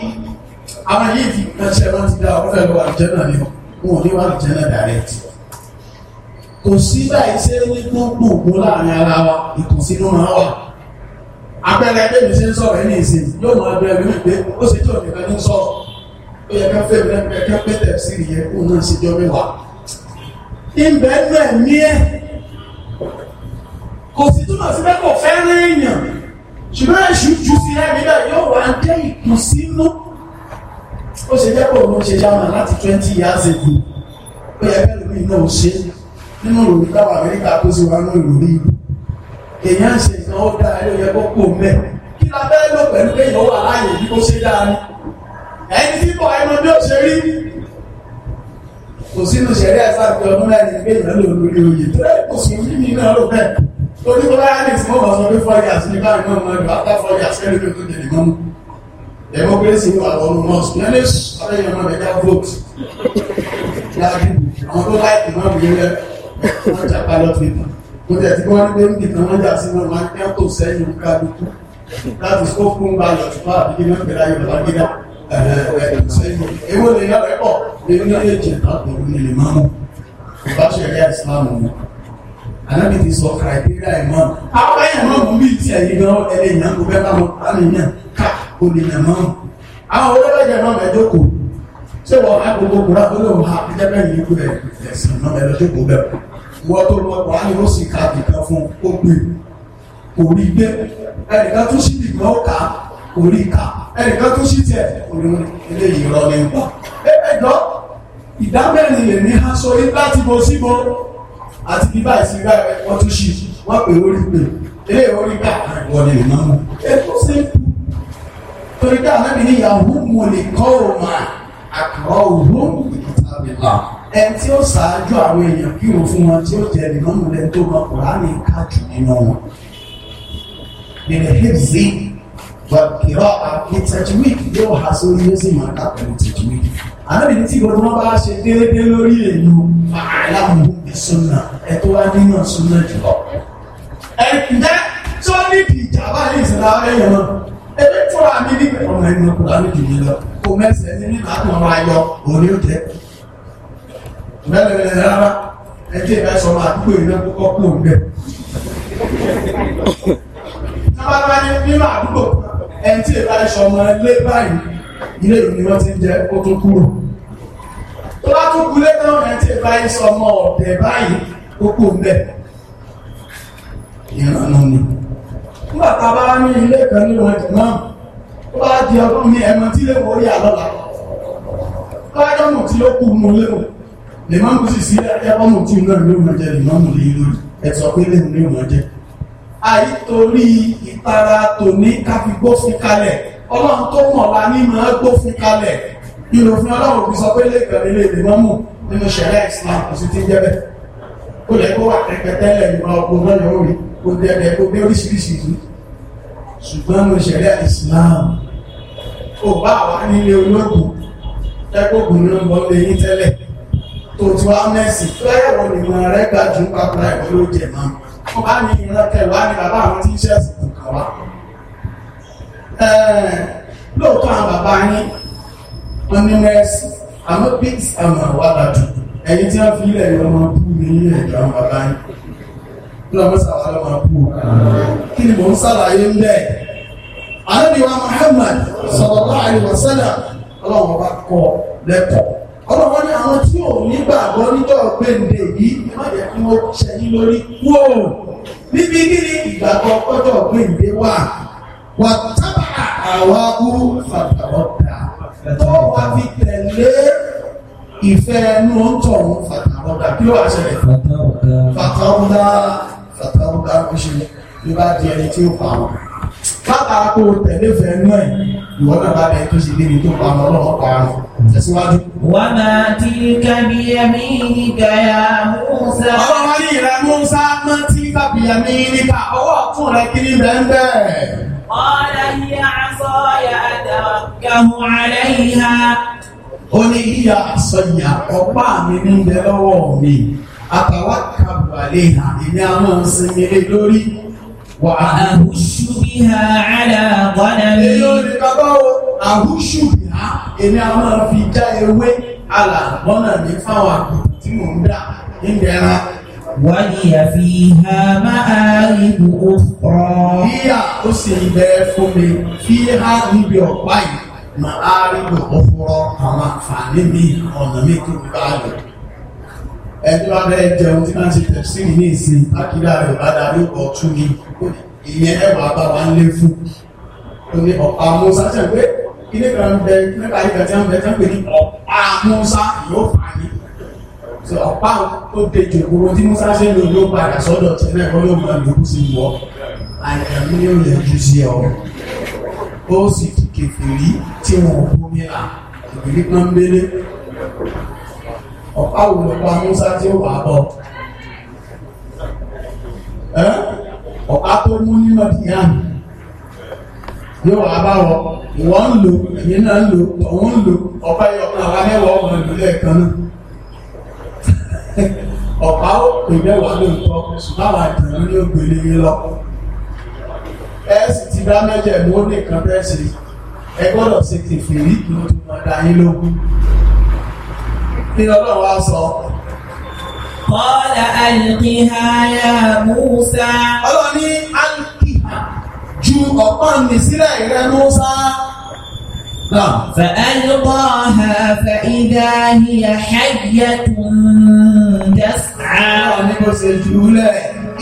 àwọn yìí fi ránṣẹ́ wọn ti dá ọ̀rọ̀ ẹ̀rọ àjẹ́nà ni wọn ò ní wọn àjẹ́nà direct kò sí báyìí ṣe ní gbogbo ògbó láàrin ara wa ìkùnsínú máa wà abẹ́rẹ́ ẹgbẹ́ mi ṣe ń sọ̀rọ̀ ẹni ìsìn yóò mọ abẹ́rẹ́ mi wípé ó ṣe tí òmìnira ní sọ̀rọ̀ ó yẹ ká fẹ́ mi lẹ́gbẹ̀ẹ́ ká pẹ́tẹ̀ sí ìyẹn ìbẹ̀ẹ́nu ẹ̀mí ẹ̀ kò sí túmọ̀ sí pé kò fẹ́ràn èèyàn ṣùgbọ́n èṣù jù sí ẹ̀mí náà yóò wá jẹ́ ìkùnsínú ó ṣe jẹ́ pé òun ṣe jáwọn láti twenty years ago ó yẹ bẹ́ẹ̀ lómi náà ó ṣe nínú ìròyìn táwọn Amẹ́ríkà kó sí wa nínú ìròyìn èèyàn ṣe nǹkan ó dáa ló yẹ kó kó mẹ́ kí la bẹ́ẹ̀ lò pẹ̀lú pé ìyàwó àláyè bí ó ṣe dáa ni ẹni tí kò ẹnu bí ó ṣe rí kò sínú ṣẹ̀rí àṣàbí ọdún mẹ́rin pé ìyẹn ló lórí oyè tó ẹ̀ kò sí mímí náà ló bẹ́ẹ̀ torí bó láyé ní ìsìnkú ọ̀sán ló fọ́jà sí ní báyìí náà mọ́jú àtà fọ́jà sẹ́rí pé tó jẹ ìmọ̀ mú democracy wà lọ́nu mọ́ọ̀sì ní ẹni sọ́rọ̀ yẹn náà lẹ́jà vote láti àwọn tó láì tì náà wíyẹn lẹ́ wọ́n jà ballot paper mo tẹ̀ tí wọ́n ní pé níbi kan wọ́n jà sí náà máa ń tẹ́ tó sẹ́yìn kálukú láti sọ́kún ballot paper àbíkí náà gbẹ̀rẹ̀ ayọ̀ lágbẹ́dà ẹ̀ẹ́ sẹ́yìn èwo lè yára ẹ̀ èmi ló lè jẹ̀bá pẹ̀lú nílé máàmù bá ṣẹ̀rí àìsíláàmù ni anábì ti sọ kàìpírà ìmọ̀ àwọn ìmọ̀mù bí ti ẹ̀yìn gan ẹ̀lẹ́ ìyàn kò fẹ́ báwọn àníyàn ká olèyàn máàmù àwọn olóbẹ̀jẹ̀ náà mẹ́jọ́ kò ṣé wọ́n á gbogbo kúrá tó lè wà jẹ́bẹ̀ yìí kú rẹ̀ ẹ̀sìn náà mẹ́lọ́jọ́ kò bẹ̀ wọ́n tó lọ wà ní ó sì ka kìkan fún ó gbé kò rí gbé ẹnìkan tó sì dìgbà ó kà kò rí kà ẹnìkan tó sì tẹ̀ kò rí eléyìí rọ ní gbà ẹ ìdámẹ́rin lè ní há sórí láti bo síbo àti bíbá ìsinmi wọ́n tún ṣì wọ́n pè orí pè ilé orí gbà wọ́n lè máa mú ètò sínkù torí ká náà ní ìyàwó mo lè kọ́ òmà àkàrọ̀ òhún ìkìtàbílà ẹni tí ó ṣáájú àwọn èèyàn kí o fún wọn tí ó jẹ ìmọ̀mù lẹ́nu tó mọ kùránì kájù nínú wọn bẹ̀rẹ̀ hẹ́ẹ̀zì gbàgbọ́ àti tẹ̀júwìkì yóò há sórí yóò sì máa dá pẹ̀lú tẹ̀júwìkì fún ànábì tí gbogbo wọn bá ṣe déédé lórí èlò aláwọ̀ ìsúná ẹ̀tọ́ wa nínú ìsúná jùlọ. ẹ̀ǹdẹ́ tó níbi ìjàmbá ní ìsìnlá ẹ̀yọ̀ náà ebi tó wà ní nígbà ọmọ ẹni kò lárí jù mí lọ kò mẹsẹ̀ ní nínú àwọn ọmọ ayọ̀ òní ó jẹ́. mẹ́lẹ̀lẹ̀ rárá ẹjẹ́ ìbá sọ máa kú èyí lọ́kọ́ kó ń bẹ̀. tábàbá ní nínú àdúgbò ẹni tí ìbá sọ ọmọ ẹlẹ́ báyìí ilé ìlú ni wọ́n ti ń jẹ ó tó kúrò tó bá tún kulé náà rẹ̀ tí ìbá yìí sọ ọmọ ọ̀dẹ̀ báyìí ó kò ń bẹ̀ ìrànà ni nígbà tá a bá ní ilé kan ní wọn jù náà ó bá di ọdún ní ẹmọ tí lè wọlé àlọ́lá báyọ̀mù tí ó kú mu léwu lè máa ń kú sí sí ẹwọ́mù tí náà ló máa jẹ lè máa mú lè lórí ẹ̀sọ́ pé léwu ló máa jẹ àyítorí ìtara tòní káfígbó fi kalẹ̀ ọlọ́run tó mọ̀ la ní máa gbófin kalẹ̀ ìlòfin ọlọ́run fi sọ pé lẹ́kẹ̀ẹ́ lè lè mọ́mù nínú ṣẹ̀rẹ́ Islam kò sí ti jẹ́ bẹ́ẹ̀ ó lẹ́ kó wà kẹ́kẹ́tẹ́lẹ̀ ìmọ̀ ọgbọ̀n náà yóò rí kó dẹ́dẹ́ kó dé oríṣiríṣi yìí ṣùgbọ́n nínú ṣẹ̀rẹ́ Islam ó bá wà nílé ológun tẹ́kọ̀ọ́gùn náà lọ lè yín tẹ́lẹ̀ tó ti wá mẹ́sì fẹ́rẹ̀wọ̀ nìmọ̀ rẹ̀ gbàjú pápá ìwọ́n ló jẹ̀ máa wọ́n bá ní ìrántẹ̀ wá ní bàbá àwọn tíṣẹ́ẹ̀sì kò kà wá lóòótọ́ àwọn bàbá yín wọ́n ní mẹ́sì àmọ́ bíìsì àmọ́ àwọn àbàdù ẹ̀yìn tí wọ́n fi ilẹ̀ yọ ọmọ bú mi ní ẹ̀jọ̀ àwọn bàbá yín lọ́wọ́ mọ́sà wà lọ́wọ́ bú o kí ni mò ń sàlàyé ń bẹ́ẹ̀ àdébíwá Muhammad sallallahu alaihi wasallam ọlọ́wọ́ bá kọ́ lẹ́kọ̀ọ́ ọlọ́wọ́ ní àwọn tí ò nígbàgbọ́ níjọ́ gbèǹde yìí ẹ má jẹ́ kí wọ́n ṣẹ́yìn lórí wọ́ọ̀ níbi kí ni ìgbàgbọ́ ọjọ́ gbèǹde wà wà tábà àwọn agúrú fàtàrọ̀dà tó wà fi tẹ̀lé ìfẹ́ ẹnu ọ̀tọ̀run fàtàrọ̀dà kí wàá ṣẹlẹ̀ fàtàrọ̀dà fàtàrọ̀dà ó ṣe ló bá di ẹni tí ó pa wọn. bàbá kó tẹ̀lé fẹ́ náà ìwọ náà bá bẹ tó ṣe débi tó pa wọn lọ́wọ́ pa wọn. tẹ̀síwájú. wà á máa ti kábí ẹ̀mí nígbà yà Mùsá. ọlọ́wọ́ ní ìrẹ́ Mùsá máa ti kábí ẹ̀mí nígbà ọwọ́ ọ̀tún rẹ̀ kiri bẹ́ẹ̀ bẹ́ẹ̀. قال هي عصاي أتوكه عليها ó ní ìyá àsọyà ọ̀pá mi ní bẹ lọ́wọ́ mi àtàwọn kàbàlẹ àmì àwọn ìsinmi lórí wà á. àhùṣù bí ha àlà gbọ́dọ̀ mi. èyí ò ní bàbá o àhùṣù bí ha èmi àwọn fi já ewé àlà gbọ́dọ̀ mi fáwọn àgbò tí mò ń dà ń dẹ̀ra wàlíyà fi ha máa ibu ọ̀rọ̀. Bíyà ó sì bẹ́ẹ̀ fún mi fi ha níbi ọ̀pá yìí máa ibu ọ̀fọ̀rọ̀ àwọn àǹfààní mi ọ̀nà mi tó bá lọ. Ẹni wá jẹun tí máa ń ṣe tẹ̀síìrì ní ìsìn Akídá rẹ̀ bá darí ọkọ̀ tún mi. Ìyẹn ẹwà bá wa ń lé fún. Ó ní ọ̀pá Musa ṣẹ̀ pé ilé kan bẹ nípa ìgbà tí wọ́n bẹ tán pé ní ọ̀pá Musa yóò fà ní tí ọ̀pá tó de jòkòrò tí musa ṣe lò ló padà sọ́dọ̀ tí náà wọ́n yóò máa lòkù sí wọ́ àyàmú yóò yẹjú sí ọ ó sì kèfèrí tí wọn ò bomi là ìbílí pọ́nbélé ọ̀pá wo lọ́pá musa tí ó wà bọ̀ ọ̀pá tó mú nínú ìyàn yóò wà bá wọ ìwọ ń lò èyí náà ń lò ọ̀hún ń lò ọ̀pá yọ̀ọ̀kan àwọn mẹ́wàá ọ̀gbọ̀n ìlú lẹ́ẹ̀kan náà. ọ̀pá òpè mẹ́wàá lóòótọ́ ṣùgbọ́n àdìrán ní ògbélé yín lọ. ẹ sì ti dá mẹ́jẹ̀mú ó nìkan bẹ́ẹ̀ ṣe ẹ gbọ́dọ̀ ṣe kẹfìrí kí ó tún máa dá yín lógún. ní ọlọ́run wá sọ. kọ́lá àlùkìhá yá Mùsá. ọlọ́ni àlùkì ju ọ̀pọ̀n mi sílẹ̀ ìrẹ́ Mùsá. فألقاها فإذا هي حية wọ́n ní bó ṣe jù ú lẹ̀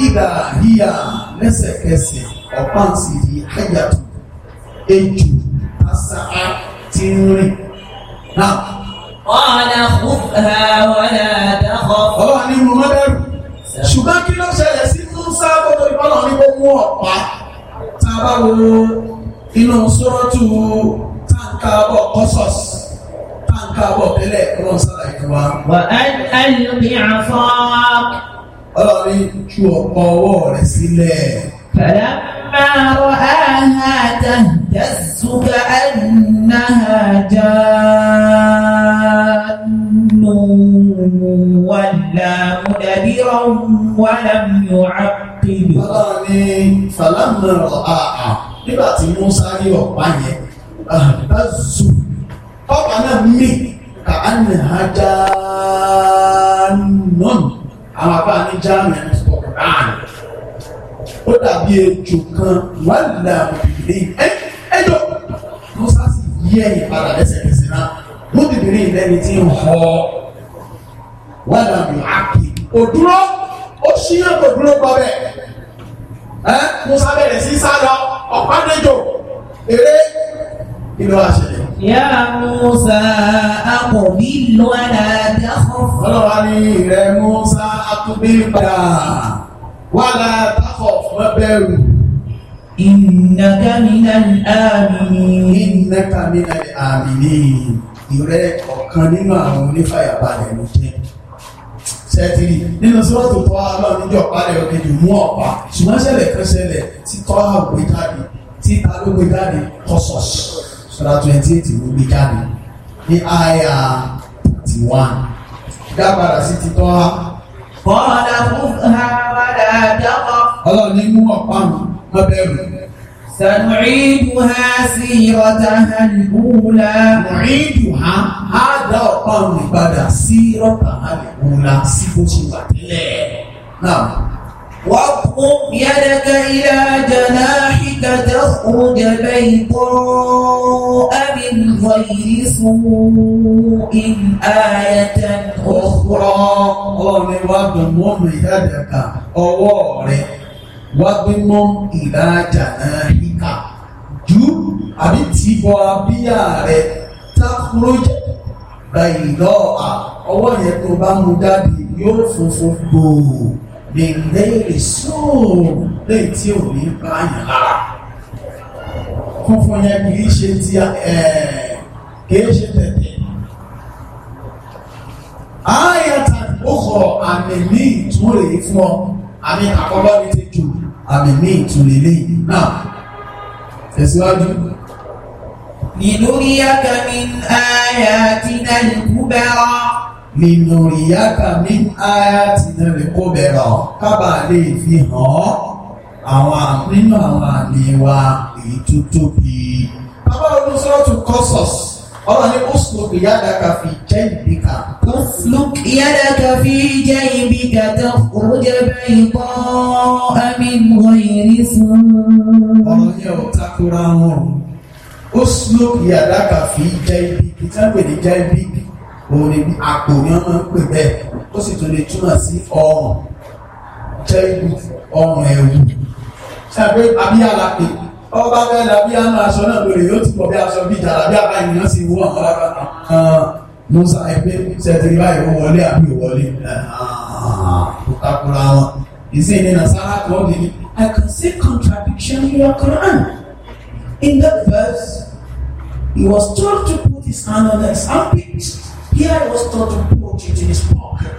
ìdà híyà lẹ́sẹ̀kẹsẹ̀ ọ̀pá sì di ẹ̀yàtò ejò àṣà ti ń rìn náà. ọ̀nà kúfà wọ̀nà dákọ̀. ọlọ́run ní mo má bẹ̀rù ṣùgbọ́n kí ló ṣẹlẹ̀ sí Musa gbogbo ìbálò ní gbogbo ọ̀pá tá a bá wo inú sọ́rọ́tù táǹkà ọkọ̀ sọ́ọ̀sì káàbọ̀ tẹ́lẹ̀ ọlọ́run sára ìlú wa. wà á ẹlòmí àfọ́. ọlọ́run ju ọ̀pọ̀ ọwọ́ rẹ̀ sílẹ̀. فلما رآها تهتز كأنها جان ولا مدبرا ولم يعقب. ọlọ́run فلما nígbà tí Musa rí ọ̀pá yẹn ah, pápá náà mi ka á nì ha jáánù àwọn abá ní jáánù ẹni sọ ránù ó dàbí ejò kan wà láàmú ìdílé ẹjọ́ musa sì yí ẹ̀yìn padà lẹ́sẹ̀kẹsẹ̀ náà wọ́n ti bèrè ìlẹ́ni tí ń họ wà láàmú àpè òdúró ó ṣí náà kò dúró gbọ́ bẹ́ẹ̀ ẹ́ musa bẹ̀rẹ̀ sí sá lọ ọ̀pá nẹ́jọ́ eré kí ló wá ṣẹlẹ̀. يا موسى أقبل ولا تخف ọlọ́wání rẹ̀ Musa akubíbà wàlá takọ̀ má bẹ̀rù. Innaka minal aminin. Innaka minal aminin. Ìrẹ́ ọ̀kan nínú àwọn onífàyàbalẹ̀ ló jẹ́. Ṣẹ́tìrì nínú sọ́ọ̀tù tọ́ àlọ́ níjọ́ parẹ́ ọ̀kejì mú ọ̀pá. Ṣùgbọ́n ṣẹlẹ̀ kan ṣẹlẹ̀ tí tọ́ àgbé jáde ló gbé jáde kọ́sọ̀ọ̀ṣì sura twenty eight ló gbé jáde ní àyà thirty one dábàrà sí ti tọ́ ha. bọ́ọ̀dà fún hàwádà dákọ̀. ọlọ́run ní mú ọ̀pá mi wọ́n bẹ̀rù. سنعيدها سيرتها الأولى نعيدها هذا ọ̀pá mi padà سيرتها الأولى sí bó ṣe wà tẹ́lẹ̀ náà. واضرب يدك إلى جناحك تخرج بيضاء من غير سوء آية أخرى قال واضمم يدك أوارك واضمم إلى جناحك جو àbí tìbọ̀ abíyá rẹ̀ takuroj bẹ̀yìn lọ́ọ̀à ọwọ́ gbẹ̀ngbẹ̀rẹ̀ sóòrò lẹ́yìn tí ò ní báyìí lára funfun yẹn kìí ṣe ti kìí ṣe tẹ̀tẹ̀ ayata òkò àmì ní ìtúrè fún ọ àmì àkọ́bọ́ ní ti jù من آياتنا الكبرى lìnàríyàtà ní àyà tìǹà rẹ̀ kó bẹ̀rọ̀ kábà lè fi hàn àwọn nínú àwọn àmì wa èyí tó tóbi. bàbá olùsọ́ọ̀tù kọ́sọ̀s ọ̀rọ̀ ni ó sùn lókè yàrá ká fi jẹ́ ìbíkà. ó lókè yàrá ká fi jẹ́ ìbíkà tó kọjá báyìí kọ́ àmì ìmọ̀ ìrìn fún. ọ̀rọ̀ yẹn ò takora wọn. ó sùn lókè yàrá jẹ́ ìbíkà tí wọ́n pè ní jẹ́ ìbíkà òun ni bí àpò ni wọ́n máa ń pè bẹ́ẹ̀ ó sì tún lè túmọ̀ sí ọrùn jẹ́rìbù ọrùn ẹ̀wù ṣàgbé abíyàlá pé ọba bẹ́ẹ̀ làbíyàlá aṣọ náà lórí yóò ti pọ̀ bí aṣọ bíi jàlábí àbá ènìyàn sì wú àwọn ará kan musa ẹgbẹ́ sẹ́tìrì báyìí ó wọlé àbí ìwọlé ó takura wọn ìsìn ní nasara kan ó di I can see contradiction in your Quran in that verse he was told to put his hand on his armpit. Pierre was taught to put it in his pocket.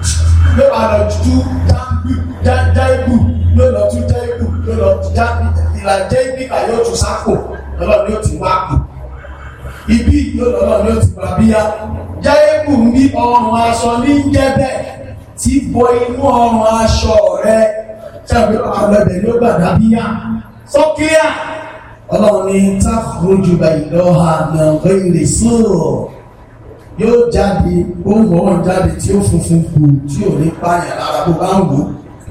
No, I don't do that. That that good. No, not to that good. No, not that. Like that big, I ought to sackle. No, not not to work. Ibi no, lọ́lọ́ ní òtún bàbíyá. Jai ń bí ọrùn aṣọ ní ń jẹ́ bẹ́ẹ̀ tí bọ inú ọrùn aṣọ rẹ̀ tàbí àlọ́bẹ̀ ló gbàdá bíyá. Sọ́kíyà ọlọ́run ní táàkùn jù bàyìí lọ́ha náà rẹ̀ lè sọ̀rọ̀ yóò jáde ohun ọ̀hún jáde tí ó funfun kù tí ò ní pààyàn lára bó bá ń wò ó.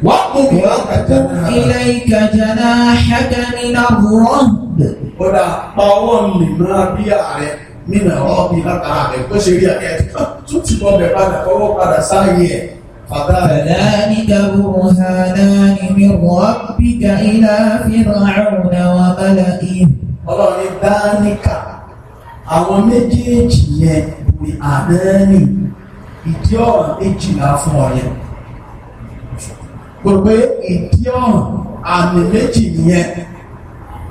wọ́n mú mi láǹkà jáde. ilé ìkàjàdá ṣẹ́gẹ́ nínú àbúrò. ó dà pa ọwọ́ mi máa bí ààrẹ nínú ọ̀rọ̀ bí látara rẹ̀ tó ṣe rí ààrẹ ah, tó ti bọ́ bẹ̀ padà fọwọ́ padà sáyé ẹ̀. فذلك برهانان من ربك إلى فرعون وملئه. ọlọ́run dáníkà àwọn méjèèjì yẹn pé àmẹ́rì ìdí ọ̀ràn méjìlá fún ọ̀yẹ́ gbogbo ìdí ọ̀ràn àmì méjì nìyẹn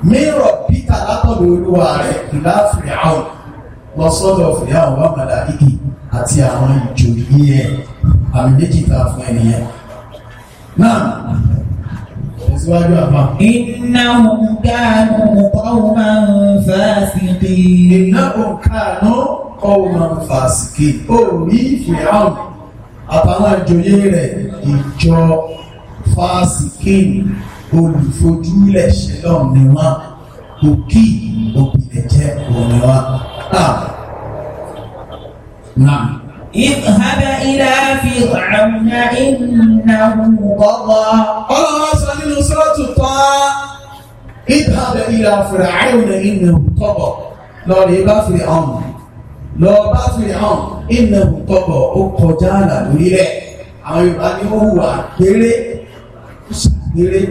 mírọ̀ peter látọ̀dọ̀ olúwa rẹ̀ ìlà fìyàwó lọ sọ́dọ̀ fìyàwó wà padà kíkì àti àwọn ìjòyè ẹ̀ àmì méjì ta fún ẹnìyẹn náà tẹ̀síwájú àbá. Innahum kanu qawman fasiqin. Innahum kanu kọ́wọ́n fàásìkì ó rí fìhàn àtàwọn ìjòyè rẹ̀ ìjọ fàásìkì olùfojúlẹ̀ ṣẹlọ̀ ni wọ́n òkì òbílẹ̀ jẹ́ òní wa. Ìhàbà ilá fi ọ̀rọ̀mùnà ìnáwó gọ́gọ́. Ọlọ́run sọ nínú sọ́ọ̀tù tán. Ìhàbà ilá fìrà àìwọ̀n ìnáwó gọ́gọ́. Lọ́ọ̀dẹ̀ bá fi ọ̀hún lọ bá fi hàn iná tọkọ ó kọjá àlà lórí rẹ̀ àwọn yorùbá ní ó hùwà kéré ó sì kéré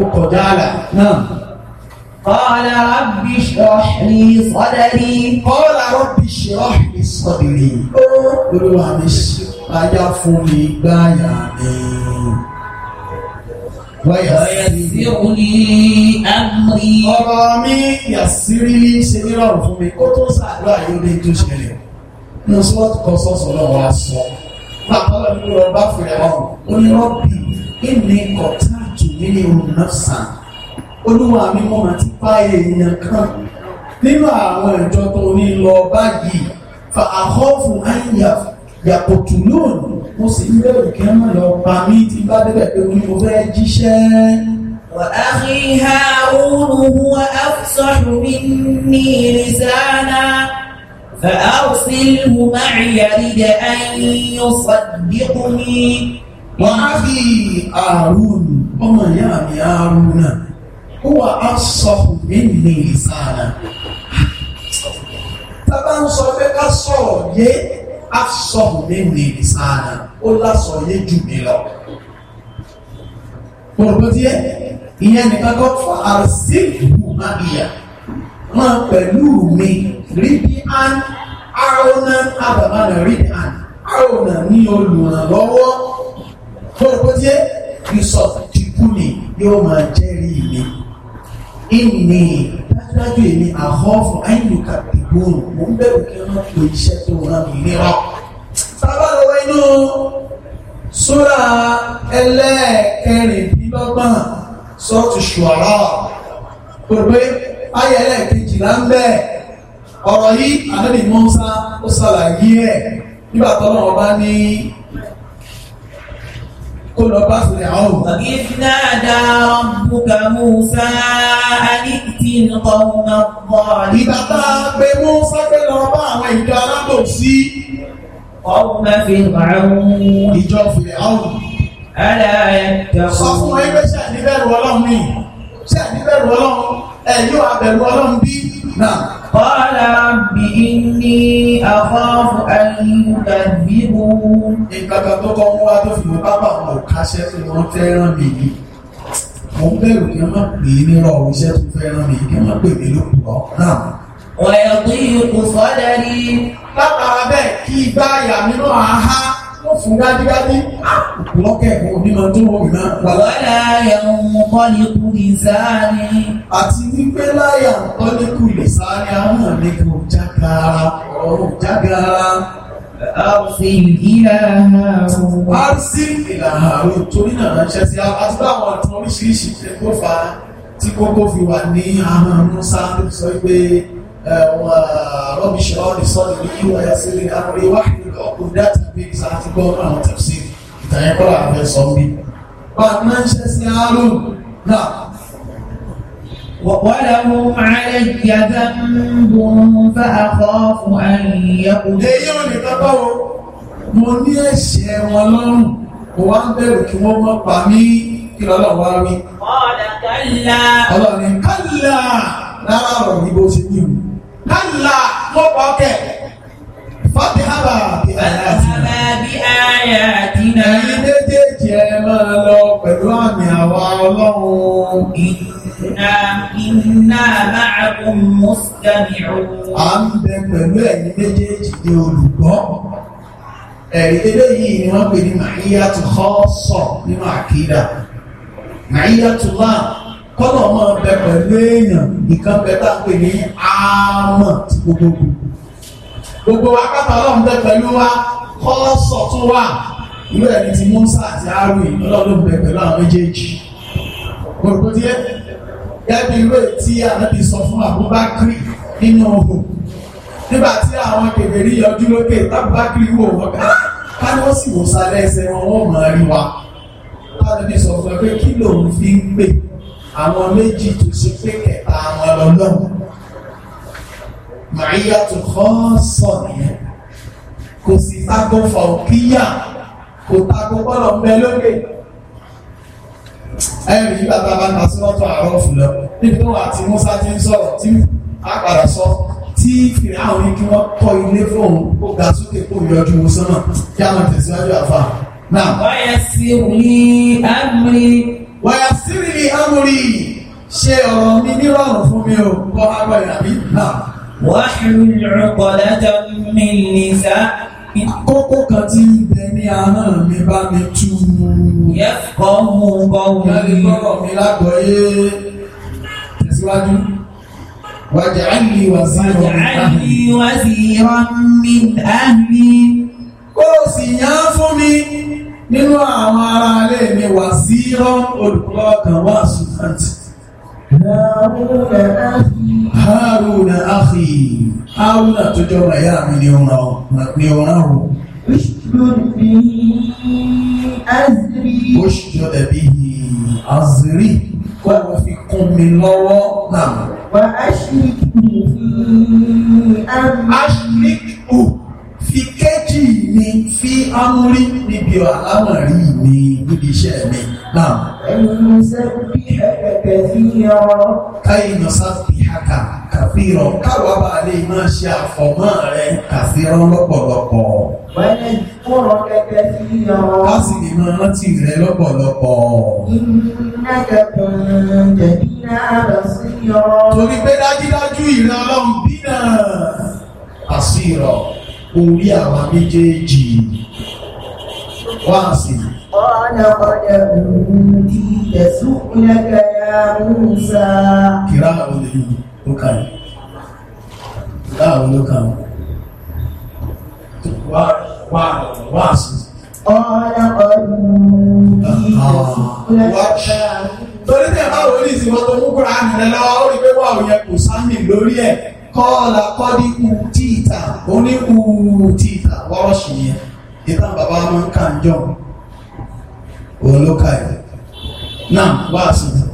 ó kọjá àlà náà. قال رب اشرح لي صدري قال رب اشرح olúwa mi ṣe báyà fún mi gbáyà mi wàyàsírì amúrí. ọ̀rọ̀ mi yàsírì ṣe nírọ̀rùn fún mi kó tó sàdúrà yóò lè tó ṣẹlẹ̀ ní sọ́ọ̀tù kan sọ́ọ̀sọ̀ náà wá sọ bàbá mi lọ bá fìrẹ̀ wọn ó ní wọ́n bì ìní kọ̀tà tù nínú ìhùn náà sàn fa àkọ́fù àyà yàtọ̀ tù mo sì ń bẹ̀rù kí wọ́n lọ pa mí tí bá débẹ̀ pé mo ní mo fẹ́ jíṣẹ́. وأخي هارون هو أفصح مني لسانا فأرسله معي رد أن يصدقني وأخي هارون ọmọ ìyá mi Hárúnà ó wà á sọ mí ní ìsáàlà. Tá ń sọ pé ká sọ̀rọ̀ yé asọ̀bù mi rè é sáànà ó lásọ̀ yé jù mí lọ. Pọ̀lọ́pọ̀tì yẹ ìyẹn nìkan kọ́ fún àrùsíìkù mábìyà máa pẹ̀lú mi rí bí án àrùnà àbàmánà rí bí án àrùnà ní olùrànlọ́wọ́. Pọ̀lọ́pọ̀tì yẹ Yusuf Jikuni yóò máa jẹ́rìí mi. Ìnìyàn dájú èmi àhọ́fọ̀ àìlùkà ìgbóhùn mo ń bẹ̀rù kí wọ́n pe iṣẹ́ tó wọ́n mi nírọ̀. sábà lọ́wọ́ inú súra ẹlẹ́ẹ̀kẹrìndínlọ́gbọ̀n sọ́ọ̀tù ṣùọ̀rọ̀ pèpè ayé ẹlẹ́ẹ̀kejìlá ń bẹ̀ ọ̀rọ̀ yìí ànábì Mùsá ó ṣàlàyé ẹ̀ nígbà tọ́lọ́wọ́ bá ní kó lọ bá fìrẹ̀ àwọn. Ìfúnná dá ọ̀bùkà Musa Alikiti nǹkan ọ̀pọ̀. Ìgbà tá a pe Musa pé lọ bá àwọn ìjọ alábòsí. Ọ̀hún máa fi màrún. Ìjọ fìrẹ̀ àwọn. Ẹ̀rẹ̀ ẹ̀dá. Sọ fún wọn pé ṣe àdíbẹ̀rù ọlọ́run ni. Ṣe àdíbẹ̀rù ọlọ́run. Ẹ̀yọ́ abẹ̀rù ọlọ́run bí. Náà. قال رب إني أخاف أن يكذبون nǹkan kan tó kọ́ wá tó fi bábà wọn kásẹ̀ pé wọ́n fẹ́ràn mi yìí mo ń bẹ̀rù kí wọ́n má pè é nírọ̀ iṣẹ́ tó fẹ́ràn mi kí wọ́n má pè mí lókùrọ̀ náà. wọ́n yẹ kí ikú sọ́dẹ̀ rí. lápá bẹ́ẹ̀ kí igbá àyà mi náà á há sùn gádígádí lọ́kẹ̀ onímọ̀ tó wọ́n iná. wàhálà yẹn ń kọ́ ní kú ní sáárì. àti wípé láyà ń kọ́ ní kú ní sáárì àwọn àmì kò jágara ọ̀rọ̀ jágara. Àrùsìn ìlàhà òun. Àrùsìn ìlàhà òun torí náà ránṣẹ́ sí àti báwọn àti oríṣiríṣi tí kò fa tí kókó fi wà ní àwọn ọmọ tó sọ pé ورب شرار صدري ويسر لي امري واحلل عقدة من لساني قولا وتفسير ìtàyẹ̀kọ́ làwọn fẹ́ sọ bí. Pàtàkì sí àárùn náà. Wọ́lẹ̀mú ààrẹ ìyàtà ń bùn bá àkọ́ fún àyẹ̀kù. Èyí ò ní tọ́pọ̀ o, mo ní ẹ̀ṣẹ̀ wọn lọ́rùn, kò wá ń bẹ̀rù kí wọ́n mọ́ pa mí kí lọ́lọ́ wá rí. Ọlọ́run kálá. Ọlọ́run kálá. Rárá ọ̀rọ̀ ní bó ṣe ní ìlú kálá wọn pa ọkẹ fatihaba bi ayatina. ẹ̀yin méjèèjì ẹ máa lọ pẹ̀lú àmì àwa ọlọ́run. Inna inna ma'akum mustami'un. À ń bẹ pẹ̀lú ẹ̀yin méjèèjì ní olùgbọ́. Ẹ̀rí eléyìí ni wọ́n pè ní màáyá tó sọ̀ nínú àkídà. Màáyá láà kọ́nà máa bẹ pẹ̀lú èèyàn nìkan bẹ tá à ń pè ní àmọ̀ tí gbogbo kù. gbogbo akátá ọlọ́run bẹ pẹ̀lú wa kọ́lọ́sọ̀ tó wà irú ẹni tí Musa àti Harun ọlọ́run bẹ pẹ̀lú àwọn méjèèjì. gbogbo díẹ̀ gẹ́gẹ́ irú tí ànábì sọ fún Abubakar nínú ohun nígbà tí àwọn kèbèrè yọjú lókè tábùbákiri wò wọ́n ká ká wọ́n sì wò sálẹ̀ ẹsẹ̀ wọn wọ́n mọ̀ ẹ́ wa. táwọn ẹbí sọ fún ẹ pé kí lòun fi ń pè é àwọn méjì tó ṣe pé kẹta àwọn ọlọ́run màáyá tó kọ́ sọ̀ nìyẹn kò sì tako fọ̀kíyà kò tako bọ́lọ̀ ń bẹ lókè ẹ̀rì yìí bàbá bá ta sọ́tọ̀ àárọ̀ fùlọ nítorí wọn àti Musa ti ń sọ̀rọ̀ tí a padà sọ tí Fìràwọn ní kí wọ́n kọ́ ilé fóun kó ga sókè kó yọjú Musa náà kí àwọn tẹ̀síwájú àfa náà. wáyà sí òní àmì wàyàsírì ní amúrí ṣe ọ̀rọ̀ mi nírọ̀rùn fún mi ò kọ́ àgbà ìràbí náà. wàhálù ìrọ̀pọ̀ lẹ́jọ́ mi ní sá. kókó kan tí ń bẹ ní àná mi bá mi tú. yẹ kọ́ mú bọ́ wù mí. yẹ́nì gbọ́dọ̀ mi lágbọ̀ọ́yé tẹ̀síwájú. واجعل لي وزيرا من أهلي. Kó o sì yá fún mi nínú àwọn ará alẹ́ mi wà sí rán olùkọ́ kan wà sùfàtì Haruna Afi Haruna tó jọ bàyá mi ni ọ̀nà ọ̀nà ọ̀. Oṣù dàbí Azri kó àwọn fi kún mi lọ́wọ́ náà. Wà á ṣe kù. Aṣíkù fi kéjì mi fi amúrí níbi àlámọ̀rí mi níbi iṣẹ́ mi náà. ẹ̀yin sẹ́bí ẹ̀kẹ̀kẹ̀ sí ọ̀rọ̀. káyìn lọ sáfì hàkà kàfíràn káwa bá lè máa ṣe àfọ̀mọ́ rẹ̀ kàfíràn lọ́pọ̀lọpọ̀. wẹ́lẹ̀ kúrọ̀ kẹ̀kẹ́ sí ọ̀rọ̀. a sì lè máa rántí rẹ̀ lọ́pọ̀lọpọ̀. ìnákẹ́kọ̀ọ́ jẹ̀bí náà lọ sí ọ̀rọ̀. torí pé dájúdájú ìran ọlọ́run bí náà àṣírọ̀ orí àwa méjèèjì wá sí. ọ̀nà ọ̀dẹ̀ ti yẹ̀sù lẹ́gbẹ̀ ya Musa. kìrá àwọn olè yìí ló kà ní. kìrá àwọn ló kà ní. wá wá wá sí. ọ̀nà ọ̀dẹ̀ ti yẹ̀sù lẹ́gbẹ̀ ya Musa. torí tẹ̀ báwo ní ìsìnkú tó mú kúrò àmì lọ́wọ́ ó rí pé wà òun kò sámì lórí ẹ̀ kọ́ọ̀lá kọ́dí uti ìta oní uti ìta wọ́ọ̀ṣì yẹn ìta bàbá máa ń kà ń jọ òun ló kà yìí náà wá sí i.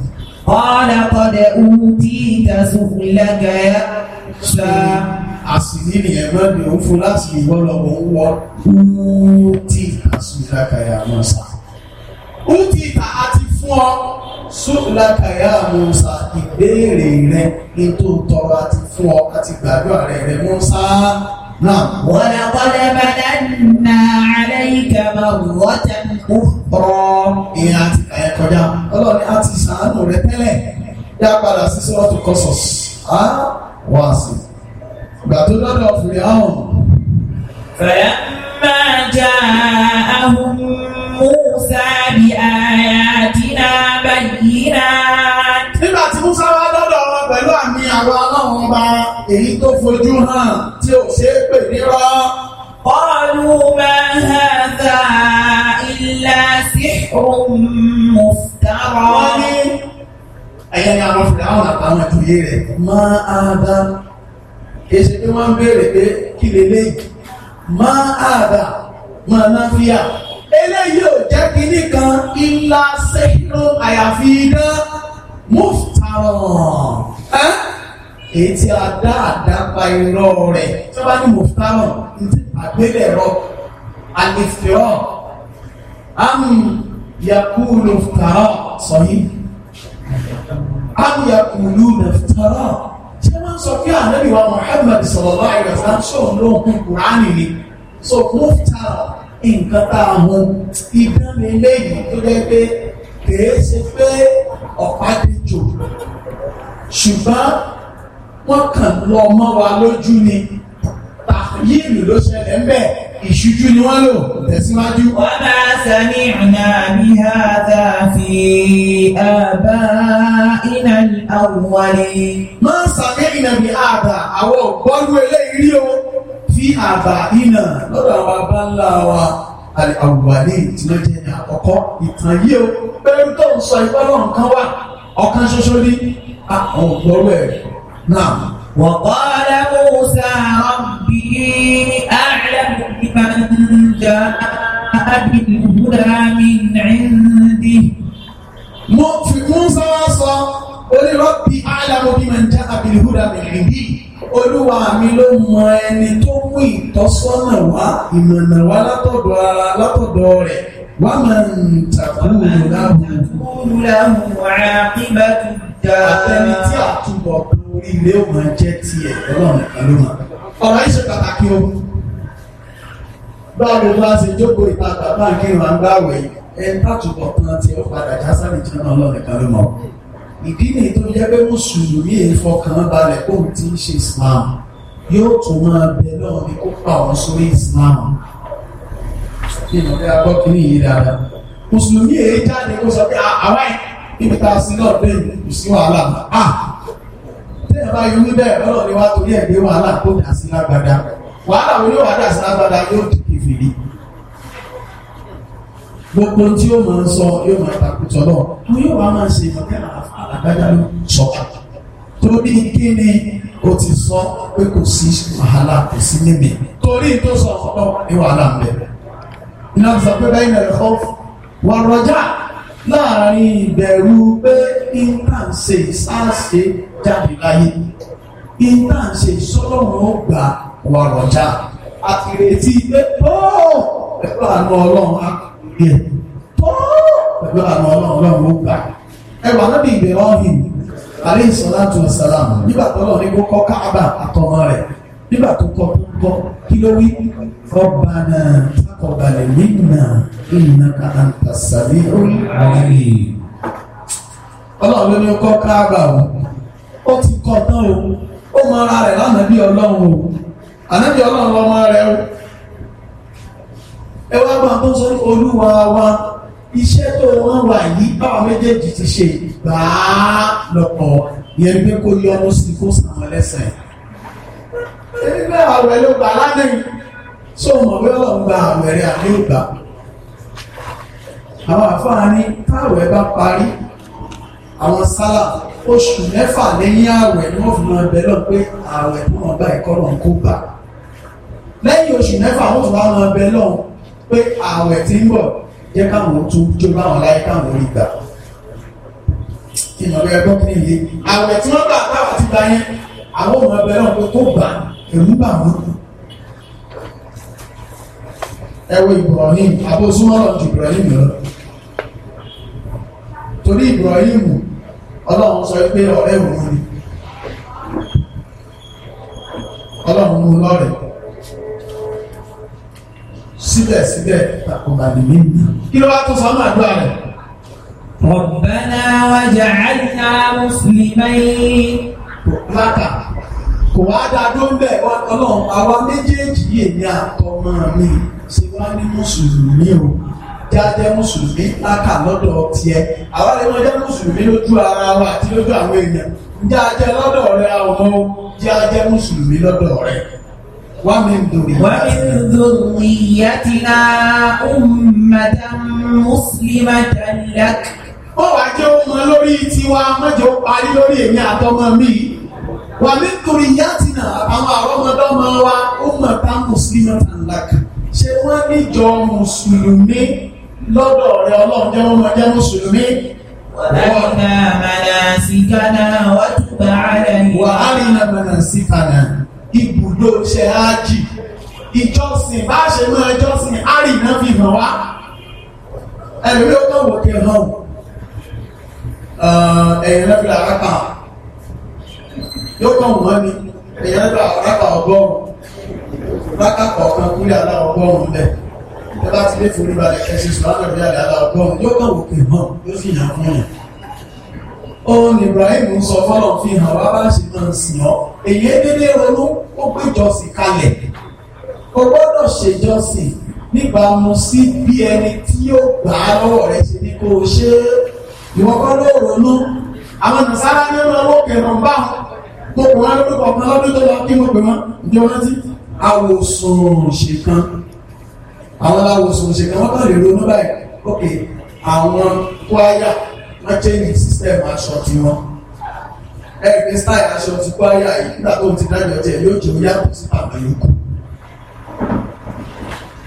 kọ́ọ̀lá kọ́dí uti ìta sùnfún lẹ́gẹ̀ẹ́ ṣá. àsìlí nìyẹn máa ń dùn fún láti ìwọ lọ́wọ́ ń wọ uti ìta sùnfún lẹ́gẹ̀ẹ́ àmọ́ sá. uti ìta àti fún ọ sùlàkà yà Mùsà ìbéèrè rẹ ní tó tọrọ àti fún ọ àti gbàdúrà rẹ rẹ Mùsà náà. wọ́n akọ́lẹ̀ bàdá nà àlẹ́ ìkàmà wọ́tẹ̀ ọ̀rọ̀ ìyẹn àti kàyẹ kọjá ọlọ́ni àti sàánù rẹ tẹ́lẹ̀ dá padà sí sọ́ọ̀tù kọ́sọ̀s á wá sí ìgbà tó dọ́dọ̀ fìrí àwọn. fẹ̀yẹ́ máa já Mùsà bí àyà bayyinat. nígbà tí Musa wá lọ́dọ̀ wọn pẹ̀lú àmì àwọn aláwọn ọba èyí tó fojú hàn tí ò ṣeé pè nírọ́. qalu ma hadha illa sihrun muftara. wọ́n ní ẹ̀yẹ́ ni àwọn fìlà àwọn àtàwọn ìjòyè rẹ̀ máa àdá èsì pé wọ́n ń béèrè pé kí lélẹ́yìn máa àdá máa náfíà eléyìí ò jẹ́ kínní kan ilá sẹ́yìnrún àyàfi iná muftaron èyí tí a dá àdápa irọ́ rẹ̀ tí wọ́n bá ní muftaron àgbélẹ̀rọ àlefẹ́rọ̀ am yakulu fara sọ̀yí am yakulu naftara ṣé wọ́n sọ fí ànábì wa Muhammad sallallahu alaihi wasallam sọ̀rọ̀ lóhùn Kùránì ni so muftaron nǹkan tá a hun idán ni léyìí tó jẹ́ pé kìí ṣe pé ọ̀pá ti jò ṣùgbọ́n wọ́n kàn lọ mọ́ wa lójú ni tàfíìlù ló ṣẹlẹ̀ ń bẹ̀ ìṣújú ni wọ́n lò tẹ̀síwájú. wọ́n bá sani ìrìnà bí ha ta fi àbá iná àwọ̀wálé. máa sàmì ìrìnà bí àwọn ògbọ́nú eléyìí rí o sí àbà iná lọ́dọ̀ àwọn bàbá ńlá wa àwùwàlẹ̀ tí wọ́n jẹ́ àkọ́kọ́ ìtàn yìí o pẹ̀lú tó ń sọ ìgbọ́nà nǹkan wá ọ̀kan ṣoṣo ní àwọn ògbọ́rọ̀ ẹ̀ náà. وقال موسى ربي أعلم بمن جاء بالهدى من عنده mo fi Musa wá sọ ó ní ربي أعلم بمن جاء بالهدى من عنده olúwa mi ló mọ ẹni tó mú ìtọ́sọ́nà wá ìmọ̀nà wá látọ̀dọ̀ ara látọ̀dọ̀ rẹ̀ wá máa ń tàkùn láwùjọ. àtẹni tí àtúbọ̀ orí ilé ò o. báwo ló wá sí jókòó ìta bàbá kí n máa ń gbàwẹ̀ ẹ̀ ń tàtúbọ̀ tán tí ó ìdí ni tó jẹ́ pé mùsùlùmí èèfọkàn balẹ̀ kó n ti ń ṣe islam yóò tún máa bẹ náà ni kó pa òun sórí islam nínú bí agbọ́kiri yìí dára mùsùlùmí èyí jáde kó sọ pé ah, àwọn ibi tá a sí náà dé kò sí wàhálà à ah! tẹ́lẹ̀ bá yọ ní bẹ́ẹ̀ lọ́nà ni wàá torí ẹ̀ gbé wàhálà tó dà sí lágbádá wàhálà wo ni wàá dà sí lágbádá yóò di kìfìrí gbogbo tí ó máa ń sọ yóò máa takùtọ náà àwọn yóò wá máa ṣe ìmọ̀kẹ́lá àlàgbájá ló sọ torí kí ni o ti sọ pé kò sí wàhálà kò sí níbi torí tó sọ ọ̀pọ̀ ní wàhálà ń bẹ̀rẹ̀ iná sọ pé bẹ́ẹ̀ yẹn kọ́ wà rọjá láàrin ìbẹ̀rù pé intanṣe ìsáàṣe jáde láyé intanṣe ìsọlọ́run ó gbà wà rọjá àti pé ó ẹ̀rọ àánú ọlọ́run á kọ́ yẹn tó pẹ̀lú àwọn ọlọ́run ọlọ́run ó gbà ẹ wà níbi ìbẹ̀rẹ̀ ọ̀hìn àrí ìsọ̀láàtù ọ̀sálàm nígbà tó lọ ní kó kọ́ káàbà àtọmọ rẹ̀ nígbà tó kọ́ tó kọ́ kí ló wí ọba náà takọ̀bà lè ní nà ìnà ká àǹtà sàbí orí àárí ọlọ́run ló ní kọ́ káàbà o ó ti kọ́ tán o ó mọ ara rẹ̀ lánàá bí ọlọ́run o ànábì ọlọ́run lọ́mọ rẹ̀ o ẹ wá máa tó sọ olúwa wa iṣẹ́ tó wọ́n wà yìí báwa méjèèjì ti ṣe gbà á lọ́pọ̀ yẹn pé kó yọnu sí kó sàn lẹ́sẹ̀. ẹgbẹ́ àwẹ̀ ló gbà lánàá yìí sọ mọ̀ bí ọlọ́run gba àwẹ̀ rẹ̀ àbí ògbà. àwọn àfáà ní táwẹ̀ bá parí àwọn sálà oṣù mẹ́fà lẹ́yìn àwẹ̀ ni wọ́n fi máa bẹ̀ lọ pé àwẹ̀ tó wọn bá ẹ̀kọ́ náà kó gbà. lẹ́yìn oṣù mẹ́fà wọ́n fi máa bẹ̀ lọ́wọ́ pé ààwẹ̀ tí ń bọ̀ jẹ́ káwọn tún jó báwọn láyé káwọn rí gbà ìmọ̀lẹ́ ẹgbọ́n kí nìyí ààwẹ̀ tí wọ́n gbà táwọn ti gbà yẹn àwọn ọmọ ẹgbẹ́ náà tó tó gbà ẹ̀rú bà wọ́n ẹwọ Ibrahim abosumọ́lọ̀ ju Ibrahim lọ torí Ibrahim ọlọ́run sọ pé ọ̀rẹ́ òun ni ọlọ́run mú lọ́rẹ̀ẹ́ síbẹ̀síbẹ̀ takùnbàdì mi nà. kí ló wá tó sọ ọmọ àdúrà rẹ̀. Rabbana waj'alna muslimayn. láta kò wá dáa tó ń bẹ̀ ọlọ́run àwa méjèèjì yìí ní àtọmọ mi ṣe wá ní mùsùlùmí o jáde mùsùlùmí láka lọ́dọ̀ tiẹ̀ àwa lè máa jẹ́ mùsùlùmí lójú ara wa àti lójú àwọn èèyàn jáde lọ́dọ̀ rẹ̀ àwọn jáde mùsùlùmí lọ́dọ̀ rẹ̀. ومن ذريتنا أمة مسلمة لك ó wàá jẹ́ ọmọ lórí tiwa mọ́jọ parí lórí èmi àtọmọ mi wà nítorí yátìnà àwọn àrọ́mọdọ́mọ wa ó mọ̀ tá mùsùlùmí tàǹdàkà ṣé wọ́n níjọ mùsùlùmí lọ́dọ̀ rẹ ọlọ́run jẹ́ mùsùlùmí. wàhálì náà mọ̀nà síkánà wàtúbà àlẹ́ wàhálì náà mọ̀nà síkánà ibùdó ṣe ájì ìjọsìn bá ṣe mọ́ ẹjọ́sìn árì náà fi hàn wá ẹ̀rí ó kàn wò kí hàn ẹ̀yìn náà fi làrá pa yóò kàn wọ́n ni ẹ̀yìn náà fi làrá pa ọgọ́rùn-ún lákàtọ̀ kan kúrẹ́ aláwọ̀ ọgọ́rùn-ún lẹ̀ ẹ bá ti lé forí balẹ̀ kẹsì sùn láti ọ̀dẹ́ àdá ọgọ́rùn-ún yóò kàn wò kí hàn yóò sì yàn fún yàn ohun Ibrahim ń sọ fọ́lọ̀ fi hàn wá bá ṣe máa sìn ọ́ èyí dédé ronú ó gbé jọ́sìn kalẹ̀ o gbọ́dọ̀ ṣèjọ́sìn níbàámu sí bí ẹni tí yóò gbà á lọ́wọ́ rẹ̀ ṣe ní kó o ṣe é ìwọ gbọ́dọ̀ ronú àwọn nàṣàrà ní ọmọ owó kẹrọ bá tó kùn án lórúkọ ọmọ ọlọ́dún tó lọ kí mo pè mọ́ ìdí ọmọ awòsùn ṣèkan àwọn awòsùn ṣèkan wọ́n kàn lè ronú báyìí ókè àwọn kwaya wọ́n change system aṣọ tí wọ́n ẹgbẹ́ style aṣọ ti kó ayé àyè nígbà tó ti dájọ́ jẹ yóò jẹ́ oyá kò sí tàbí yòókù.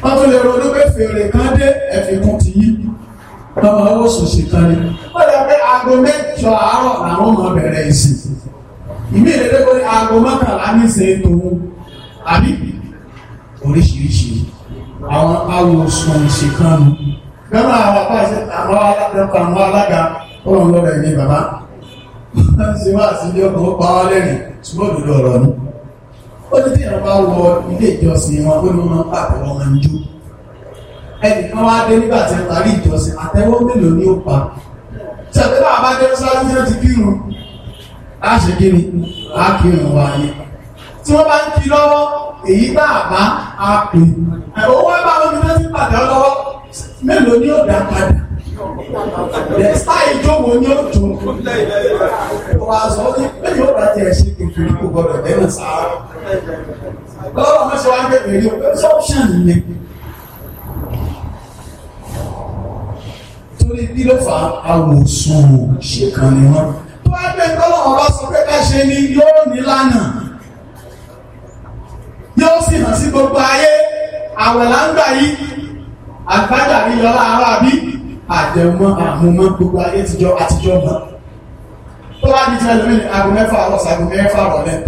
wọ́n tún lè ronú pé fèrè kan dé ẹ̀fìkún ti yí ọmọ owó ṣòṣì kan ni wọ́n lè pé aago mẹ́jọ àárọ̀ làwọn ọmọ bẹ̀rẹ̀ ìsìn ìmí ìrẹ́lẹ́ kó ní aago mọ́kànlá ní ṣe é tòun àbí oríṣiríṣi àwọn awòsàn ìṣèkánu gbẹ́mọ̀ àwọn apá ìṣẹ́ àwọn alága ọlọ́run lọ́rọ̀ ẹ̀mí bàbá sí wá sí ilé ọkọ̀ pa wá lẹ́rìn ṣùgbọ́n òdòdó ọ̀rọ̀ ni ó ní tí ìran bá wọ ilé ìjọsìn wọn ó ní wọn pàtẹ́ wọn máa ń jó ẹnìkan wá dé nígbà tí ń parí ìjọsìn àtẹ́wọ́ mélòó ni ó pa ṣàtẹ́ bá bá dé sáájú tí ó ti kírun á ṣe kíni á kírun wa ni tí wọ́n bá ń kí lọ́wọ́ èyí bá àbá á pè owó bá wọn fi tẹ́sí pàtẹ́ lọ́wọ́ mélòó ni ó dá padà rẹ̀sítà ìjọba ní òtún wà sọ ní pé yóò bá tiẹ̀ ṣe kìkì kò gbọdọ̀ dẹ́nu sáà lọ́wọ́ àwọn ṣe wá ń bẹ̀rẹ̀ ní ọ̀pẹ́sọ́pṣàn ni torí bí ló fà àwòsùn ṣèkan ni wọ́n tó wá gbé tọ́lọ̀ ọ̀rọ̀ sọ pé ká ṣe ni yóò ní lánàá yóò sì hàn sí gbogbo ayé àwẹ̀ là yìí àgbájá yìí lọ láàárọ̀ àbí àjẹmọ́ àmúmọ́ gbogbo ayé tijọ́ àtijọ́ mọ́ tó bá di jẹ́ lórí aago mẹ́fà àrọ̀ sago mẹ́fà rọ̀lẹ́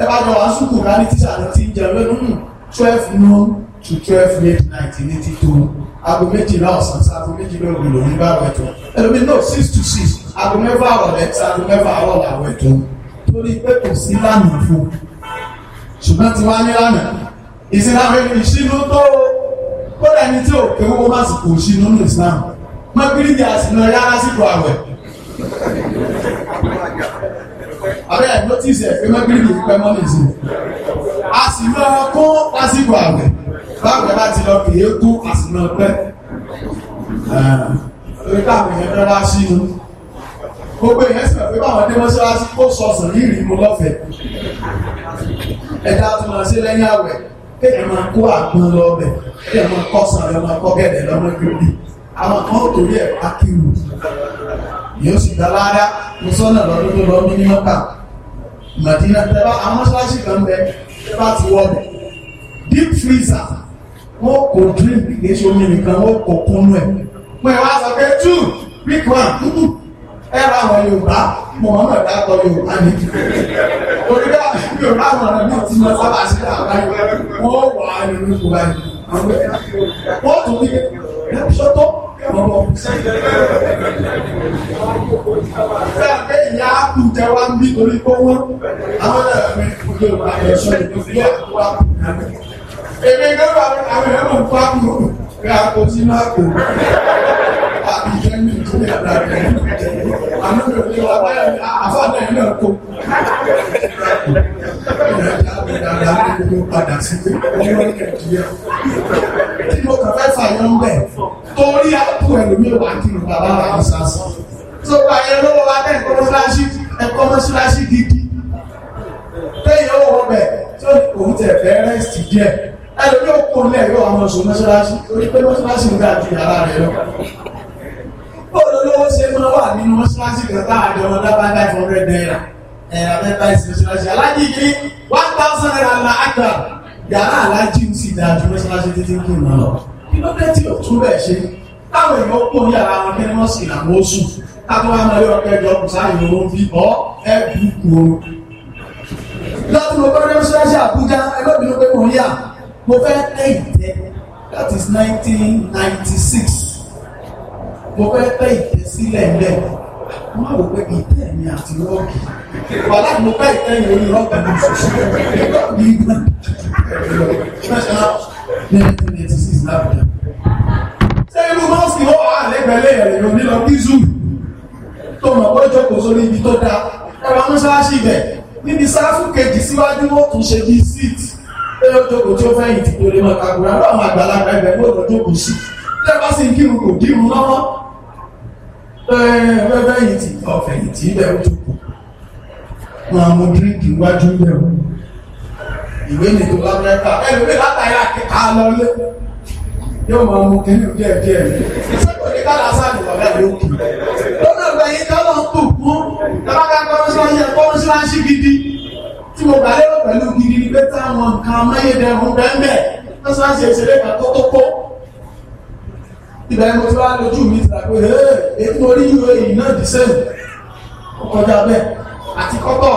ẹ bá jọ wá sùkù ká ní tíṣà lọ ti ń jẹ lónìí twelve noon to twelve midnight ní ti tó aago méjìlá ọ̀sán sago méjìlá òwúrò ní báwọ̀ ẹ̀tọ́ ẹlòmíì no six to six aago mẹ́fà rọ̀lẹ́ sago mẹ́fà àrọ̀ làwọ̀ ẹ̀tọ́ torí pé kò sí lánàá fún ṣùgbọ́n ti wá ní lánàá ìsinmi àwọn ìṣínú tó kódà ẹni tí ò kéwọ́ máa sì kò ṣínú ní ìsìlámù mọ́kìrì bí àsìnà yá lásìkò àwẹ̀ abẹ́ notice ẹ̀ pé mọ́kìrì bí pẹ́ mọ́nì sí àsìnà kún lásìkò àwẹ̀ báwẹ̀ láti lọ kìí kún àsìnà pẹ́ torí káàmì yẹn dára sínú gbogbo èèyàn sì pẹ̀lú àwọn dé mọ́ṣáláṣí kó sọ̀sọ̀ ní ìrìnmú lọ́fẹ̀ẹ́ ẹ̀dá tó máa ṣe lẹ́yìn àwẹ̀ kéèyàn máa kó àgbọn lọ ọbẹ̀ kéèyàn máa kọ́ sàn lọ́mọ kọ́gẹ̀dẹ̀ lọ́mọ gbòógì àwọn kan ó torí ẹ̀ wá kírù yóò sì dá lára mo sọ́nà lọ́dún tó lọ mí ní mọ́kà màdínà tẹ́lá àwọn ṣáṣì kan bẹ tẹ́ ti wọ́ deep freezer wọ́n kò drink kì í ṣe omi nìkan wọ́n kò kúnnú ẹ̀ pé wá sọ pé two big one ẹ ra àwọn Yorùbá Muhammad dákọ Yorùbá ni orí bá Yorùbá àwọn ọ̀nà náà ti lọ sábà sí àwọn àyè wọ́n wà á nínú Yorùbá ni wọ́n tún ní ẹ̀ṣọ́ Fẹ́ẹ̀mẹ́ ìyá ápù jẹ wá ń bí torí kó wọ́n, àwọn ẹ̀rẹ́ ìpòlè àyẹ̀ṣọ́ ìpòlè àpò ápù. Èmi gẹ́rọ àwọn ẹ̀rọ ń fáàmù rẹ̀ àpò sínú àpò. Àbí jẹ́ mi yàrá rẹ̀ àná mi ò ní wá báyà àfáàná ẹ̀ náà kó. Ìdàgbà mi ló padà sí ọmọ Nàìjíríà. Tí mo kàn fẹ́ fàyọ̀ ń bẹ̀, torí àpò ẹlòmíì wà kí n bàbá wa ní sàásì. Tó bá yẹ lọ́wọ́ wa bẹ́ẹ̀ kọ́ mọ́ṣáláṣí ẹ̀kọ́ mọ́ṣáláṣí gidi. Téèyàn ò wọ bẹ̀ tó òun tẹ̀ fẹ́ rẹ́sì díẹ̀. Ẹlòmíì ò kó lẹ̀ yóò àwọn oṣù mọ́ṣáláṣí torí pé mọ́ṣáláṣí ń gbà ju yàrá rẹ̀ lọ bóòlù ṣe máa wà nínú mọ́ṣáláṣí kan tá àjọ wọn five hundred naira ẹ̀rọ mẹ́ta ìsìn mọ́ṣáláṣí alájí one thousand naira la àgbà yàrá alájí ń sì dáa ju mọ́ṣáláṣí títí kù náà lọ kí ló dé tí ò bẹ́ẹ̀ ṣe táwọn èèyàn pò ní yàrá wọn kí ni wọ́n sì làwọn ó sùn táwọn wá mọ̀lẹ́ jọ kù sáyé òun fi bọ́ ẹ̀ bù kù o. lọ́tún mo bá mọ́ṣáláṣí àbújá ẹgbẹ́ mi ló pé mo yà mo fẹ́ tẹ́ ìtẹ́ that is nineteen ninety six mo fẹ́ tẹ́ ìtẹ́ sílẹ̀ lẹ̀ má wò pé ìtẹ́ mi àti rọ́ọ̀kì wàhálà mo fẹ́ ìtẹ́ yẹn orí rọ́ọ̀kì mi ṣoṣo ní ìgbà national nineteen ninety six lábẹ́jà. ṣé irú nọ́ọ̀sì ó wà lẹ́gbẹ̀lẹ́ ẹ̀rọ nílọ bí zoo tó mọ̀ pé ó jókòó sórí ibi tó dáa ẹ̀rọ amúṣáṣí ibẹ̀ níbi sáfù kejì síwájú ó tún ṣe bí síìtì pé ó jókòó tí ó fẹ́yìntì tó lè mọ̀ kàkùrà lọ́wọ́ àgbàlagbà ẹgbẹ̀ lóòrò jókòó sí tẹ́bá sì ń kírun kò dírun lọ́wọ́ fẹ́fẹ́yìntì ọ̀fẹ̀yìntì bẹ̀rù tó kù máa mú díríkì wájú bẹ̀rù ìwé nìtò lábẹ́ta ẹnu pé látàrí àkíkà lọlé yóò máa mú kí ní díẹ̀ díẹ̀ sẹ́kọ̀ọ́ ní ká lásán ní ọ̀rẹ́ rẹ̀ òkè lọ́nà ìgbẹ̀yìn tọ́lọ̀ ń tò fún lábàkà kọ́mísíláṣí kọ́mísíláṣí gidi tí mo gbà lérò pẹ̀lú gidi pé táwọn nǹkan amáyédẹrùn bẹ́ẹ̀ bẹ́ẹ̀ kọ́mísíláṣí èsèré kan tó tó kó ibà ẹ̀kọ́ tí wàá lójú mi ti rà pé ee èyí mo rí ìwé yìí náà dì sẹ́yìn ọkọjà bẹ́ẹ̀ àti kọ́kọ́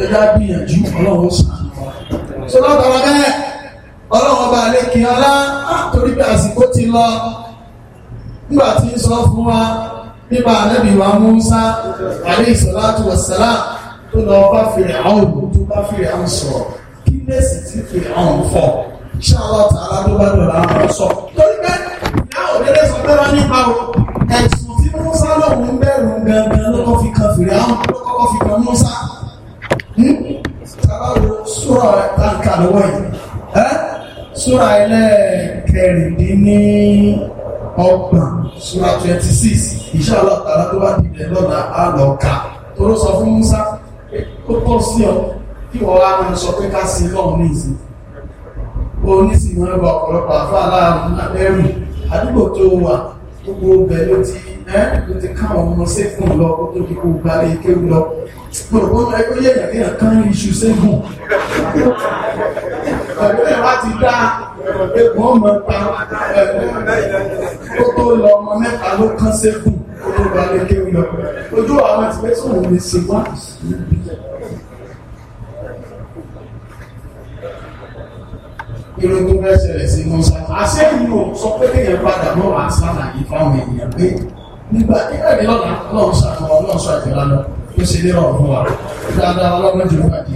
ẹja gbìyànjú ọlọ́run sàn so látara bẹ́ẹ̀ ọlọ́run ọba àlekè ọlá ah, torí pé àsìkò ti lọ nígbà tí ń sọ fún wa nípa ànábì wa Mùsá alayhi salatu wassalam tó lọ bá fèrè àwọn òògùn tó bá fèrè àwọn sọ̀rọ̀ kí lẹ́sìn ti fèrè àwọn fọ̀ ṣé àwọn ọ̀tá aládó bá dọ̀la àwọn sọ torí bẹ́ẹ̀ náà òdélé sọ pé wọ́n nípa o ẹ̀sùn tí Musa lòun ń bẹ̀rù gangan ló kọ́ fi kan fìrẹ́ àwọn ló kọ́kọ́ fi kan Musa sábàwò sóra báńkà twenty six iṣẹ́ ọlọ́tara tó bá dìde lọ́nà àlọ́ka tó ló sọ fún Musa ó tọ́ sí ọ kí wọ́n wá máa sọ pé ká sí lọ́ọ̀ ní ìsìn onísìnyí wọn bọ ọ̀pọ̀lọpọ̀ àfáà láàrin abẹ́rù àdúgbò tó wà gbogbo ọbẹ̀ ló ti ẹ́ ló ti ká àwọn ọmọ ṣẹ́gun lọ ó tó kí kó balẹ̀ ike lọ gbogbo ọmọ ẹgbẹ́ yẹn yàrá yàn kán iṣu ṣẹ́gun ẹgbẹ́ yẹn wá ti dá egbò ọmọ pa ó tó lọ ọmọ mẹ́ta ló kán ṣẹ́gun ó tó balẹ̀ ike lọ ojú àwọn tìbẹ́sùn ò lè ṣe wá. irun tó bẹ́ẹ̀ ṣẹlẹ̀ sí Musa àṣẹ́yìn ò sọ pé kéèyàn padà mọ́ àṣàlàyé fáwọn èèyàn pé nígbà nígbà ní lọ́la ọlọ́run ṣàtúnwá ọlọ́run ṣàtúnwá lọ ó ṣe lérò fún wa dáadáa ọlọ́run jù pàdé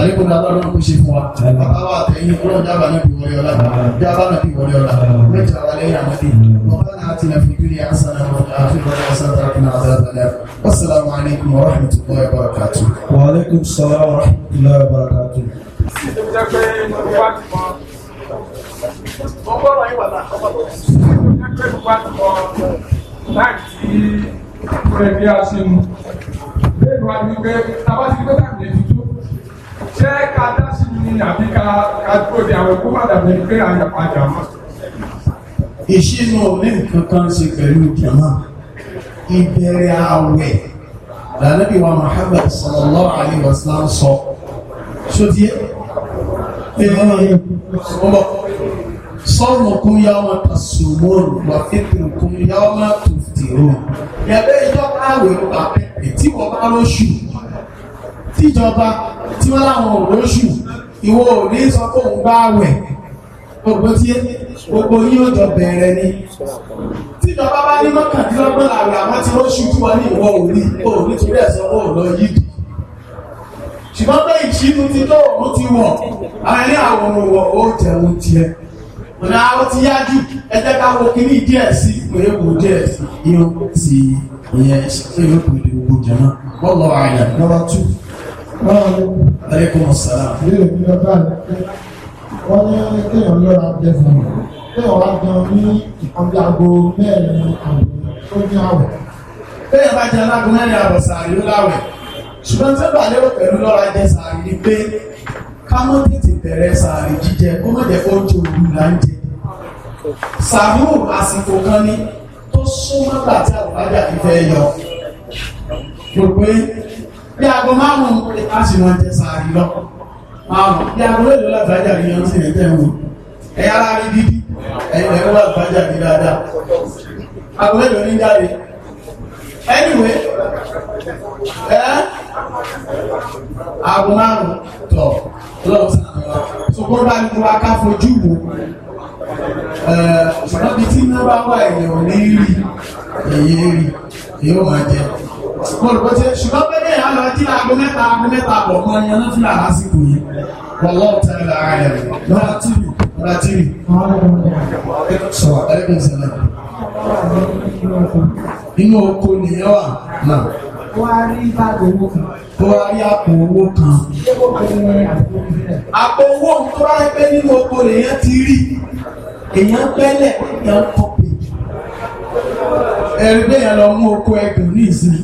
àlékún dáadáa ọlọ́run kò ṣe fún wa bàbá wa àtẹ̀yìn ọlọ́run jábà náà bí wọlé ọlá jábà náà bí wọlé ọlá mẹ́ta wa lẹ́yìn àmọ́dé bàbá náà ti na fi dúlé asana wọn àfi wọlé asana tàbí náà dáadáa lẹ́yìn wasalaamu alaykum wa rahmatulahi wa barakatu. wa aleykum salaam wa rahmatulahi wa barakatu mo ń gbọ́rọ̀ yín wà láà ọmọ tó kẹ́kẹ́ tó bá ti a ṣe mú. lẹ́nu wa ni pé tábà ti gbé láàmì ẹ̀ tuntun ṣé ká dá sí ni àbí ká ká tó di àwọn ẹ̀kọ́ padà bẹ̀rẹ̀ pé àyàpá jàmá. ìṣínú ní nǹkan kan ṣe pẹ̀lú jàmá ìbẹ̀rẹ̀ àwẹ̀ lànàbí wa Muhammad sallallahu alayhi wa sallam sọ. sotí ẹ ẹ ọmọ sọ́mùkún yọ́mọ tàṣùmọ́ọ̀nù wà fífìkún yọ́mọ tòfìtìrò ẹ̀bẹ́ ìjọ káwé wà pẹ̀pẹ̀ tí wọ́n bá lóṣù tíjọba tí wọ́n láwọn lóṣù ìwọ ò ní sọ pé òun bá wẹ̀ gbogbo tí gbogbo yín ó jọ bẹ̀rẹ̀ ni tíjọba bá ní mọ́kàndínlọ́gbọ̀n làwẹ̀ àwọn tí lóṣù tí wọ́n ní ìwọ ò ní ò nítorí ẹ̀sán ó lọ yídì ṣùgbọ́n pé ìṣínú ti tó òun ti wọ̀ àárín àwọn òwò ó jẹun tiẹ̀ ra ó ti yájú ẹ jẹ́ ká wo kíní díẹ̀ sí ìpínlẹ̀ èkó díẹ̀ yóò ti ìyẹn ṣẹlẹ̀ yóò pè é gbogbo jẹ̀mọ́ bọ́ọ̀lù àyà nọ́mbà tù. aleykum salaam. ilé ìpínlẹ̀ ọ̀gá rẹ̀ wọ́n ní kéèyàn lọ́ra jẹ́ fún mi kéèyàn wá jẹun ní ìkọ́bí aago mẹ́rin àwọ̀ tó ní àwọ̀. kéèyàn bá jẹun láago mẹ́rin àwọ̀ sàárì ló láwẹ̀ ṣùgbọ́n tí ó bà lérò pẹ̀lú lọ́ra jẹ sàmúù àsìkò kan ni tó súnmọ́ gbà tí àlùfáàjà ti fẹ́ yọ gbogbo bí aago márùn-ún a sì wọ́n jẹ sàárì lọ márùn-ún bí aago mélòó làlùfáàjà ni yọ sí ẹ̀jẹ̀ wò ẹ̀yà ara rí dídí ẹ̀yìn ẹ̀wọ́ àlùfáàjà ni dáadáa aago mélòó ní jáde. anyway ee àgùn márùn tọ̀ lọ́wọ́ sọ̀kọ́ bá ní kó bá ká ṣùgbọ́n bí tí iná bá wà èèyàn ò ní rí èyí rí èyí ò máa jẹ olùkọ́ ṣùgbọ́n bẹ́ẹ̀ yà lọ jí mẹ́ta mẹ́ta mọ́ inú oko nìyẹn wà náà. Wọ́n á rí báàgì owó kan. Wọ́n á rí àpò owó kan. Àpò owó ń tó ráyé pé nínú oko nìyẹn ti rí. Èèyàn bẹ́lẹ̀ èèyàn kọ̀pì. Ẹ̀rí bẹ́ẹ̀ lọ mú oko ẹ̀gùn ní ìsinmi.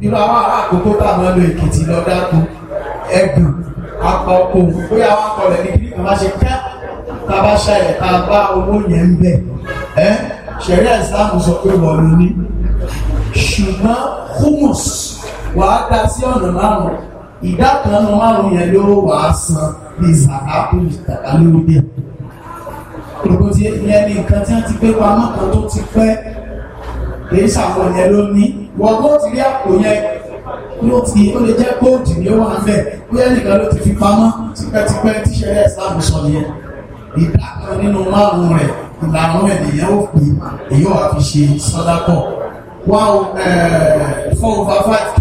Nínú àwọn ará àkókò tá a máa lo Èkìtì lọ dáko. Ẹ̀gùn apá oko bóyá wọn kọlẹ̀ ní kí nìkan bá ṣe tá a bá ṣayẹ̀ tá a bá owó yẹn ń bẹ̀. Ṣẹ̀rí ẹ̀sán sọ pé wọ́n ló ní ṣùgbọ́n humus wàá dá sí ọ̀nà márùn-ún ìdá kan ọ̀nà márùn-ún yẹn ló wàá san bíi zakato ìtàkà lórí díẹ̀. Gbogbo ti yẹn ni nǹkan tí wọ́n ti gbé pamọ́ kan tó ti pẹ́ kìí ṣàwọn yẹn ló ní. Wọ́n kó ti rí àpò yẹn ló ti ó lè jẹ́ góòdì ní ó wà bóyá nìkan ló ti fi pamọ́ tipẹ́tipẹ́ tíṣẹ́ ẹ̀sán sọ nìyẹn ìdá kan nínú márùn-ún rẹ̀ ìlànà ẹ̀ nìyẹn ó pè èyí ò wá fi ṣe sọ́dákọ̀ one eh, four over five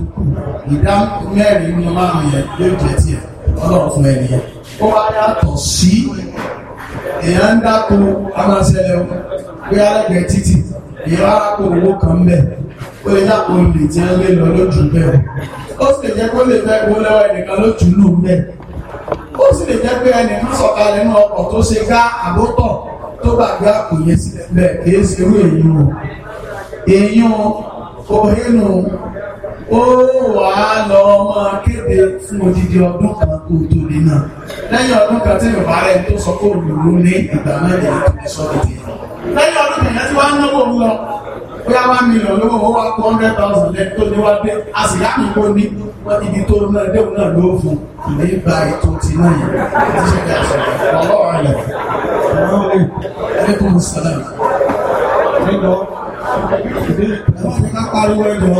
ìdá mẹ́rin ní márùn yẹn yóò jẹ́ tiẹ̀ ọlọ́run fún ẹni yẹn ó wá yàtọ̀ sí èèyàn ń dáko amáṣẹ́lẹ̀ pé alẹ́gbẹ̀ẹ́ títì èèyàn arákò owó kan mẹ́ ó lè dáko olè tí wọ́n lè lọ lójú bẹ́ẹ̀ ó sì lè jẹ́ kó lè fẹ́ owó lọ́wọ́ ẹnìkan lójú lù mẹ́ ó sì lè jẹ́ pé ẹnì má sọ̀kalẹ̀ nínú ọkọ̀ tó ṣe ká àbótọ̀ tó gbàgbé àpò yẹn sílẹ̀ bẹ́ẹ̀ kì í ṣe irú èyí wọn èyàn kòhínù ó wà lọ ọmọ kéde fún odidi ọdún kan kó tó ní náà lẹ́yìn ọdún kan tí yorùbá rẹ̀ tó sọ pé òlùlù ní ìgbà náà yẹn tó lè sọ èdè lẹ́yìn ọdún kan yẹn tí wọ́n náwó ń lọ bóyá wá mílíọ̀n lówó ó wá hundred thousand lẹ́yìn tó ní wá dé a sì yá mi kó ní ibi tó náà déhùn náà ló fún kò ní ètò ti náà yẹn láti ṣe kí a sọ ọlọ́run rẹ̀ ọlọ́run rẹ̀ ẹ̀kọ́ mọ̀ sálà ẹ má ti ká pariwo ẹjọ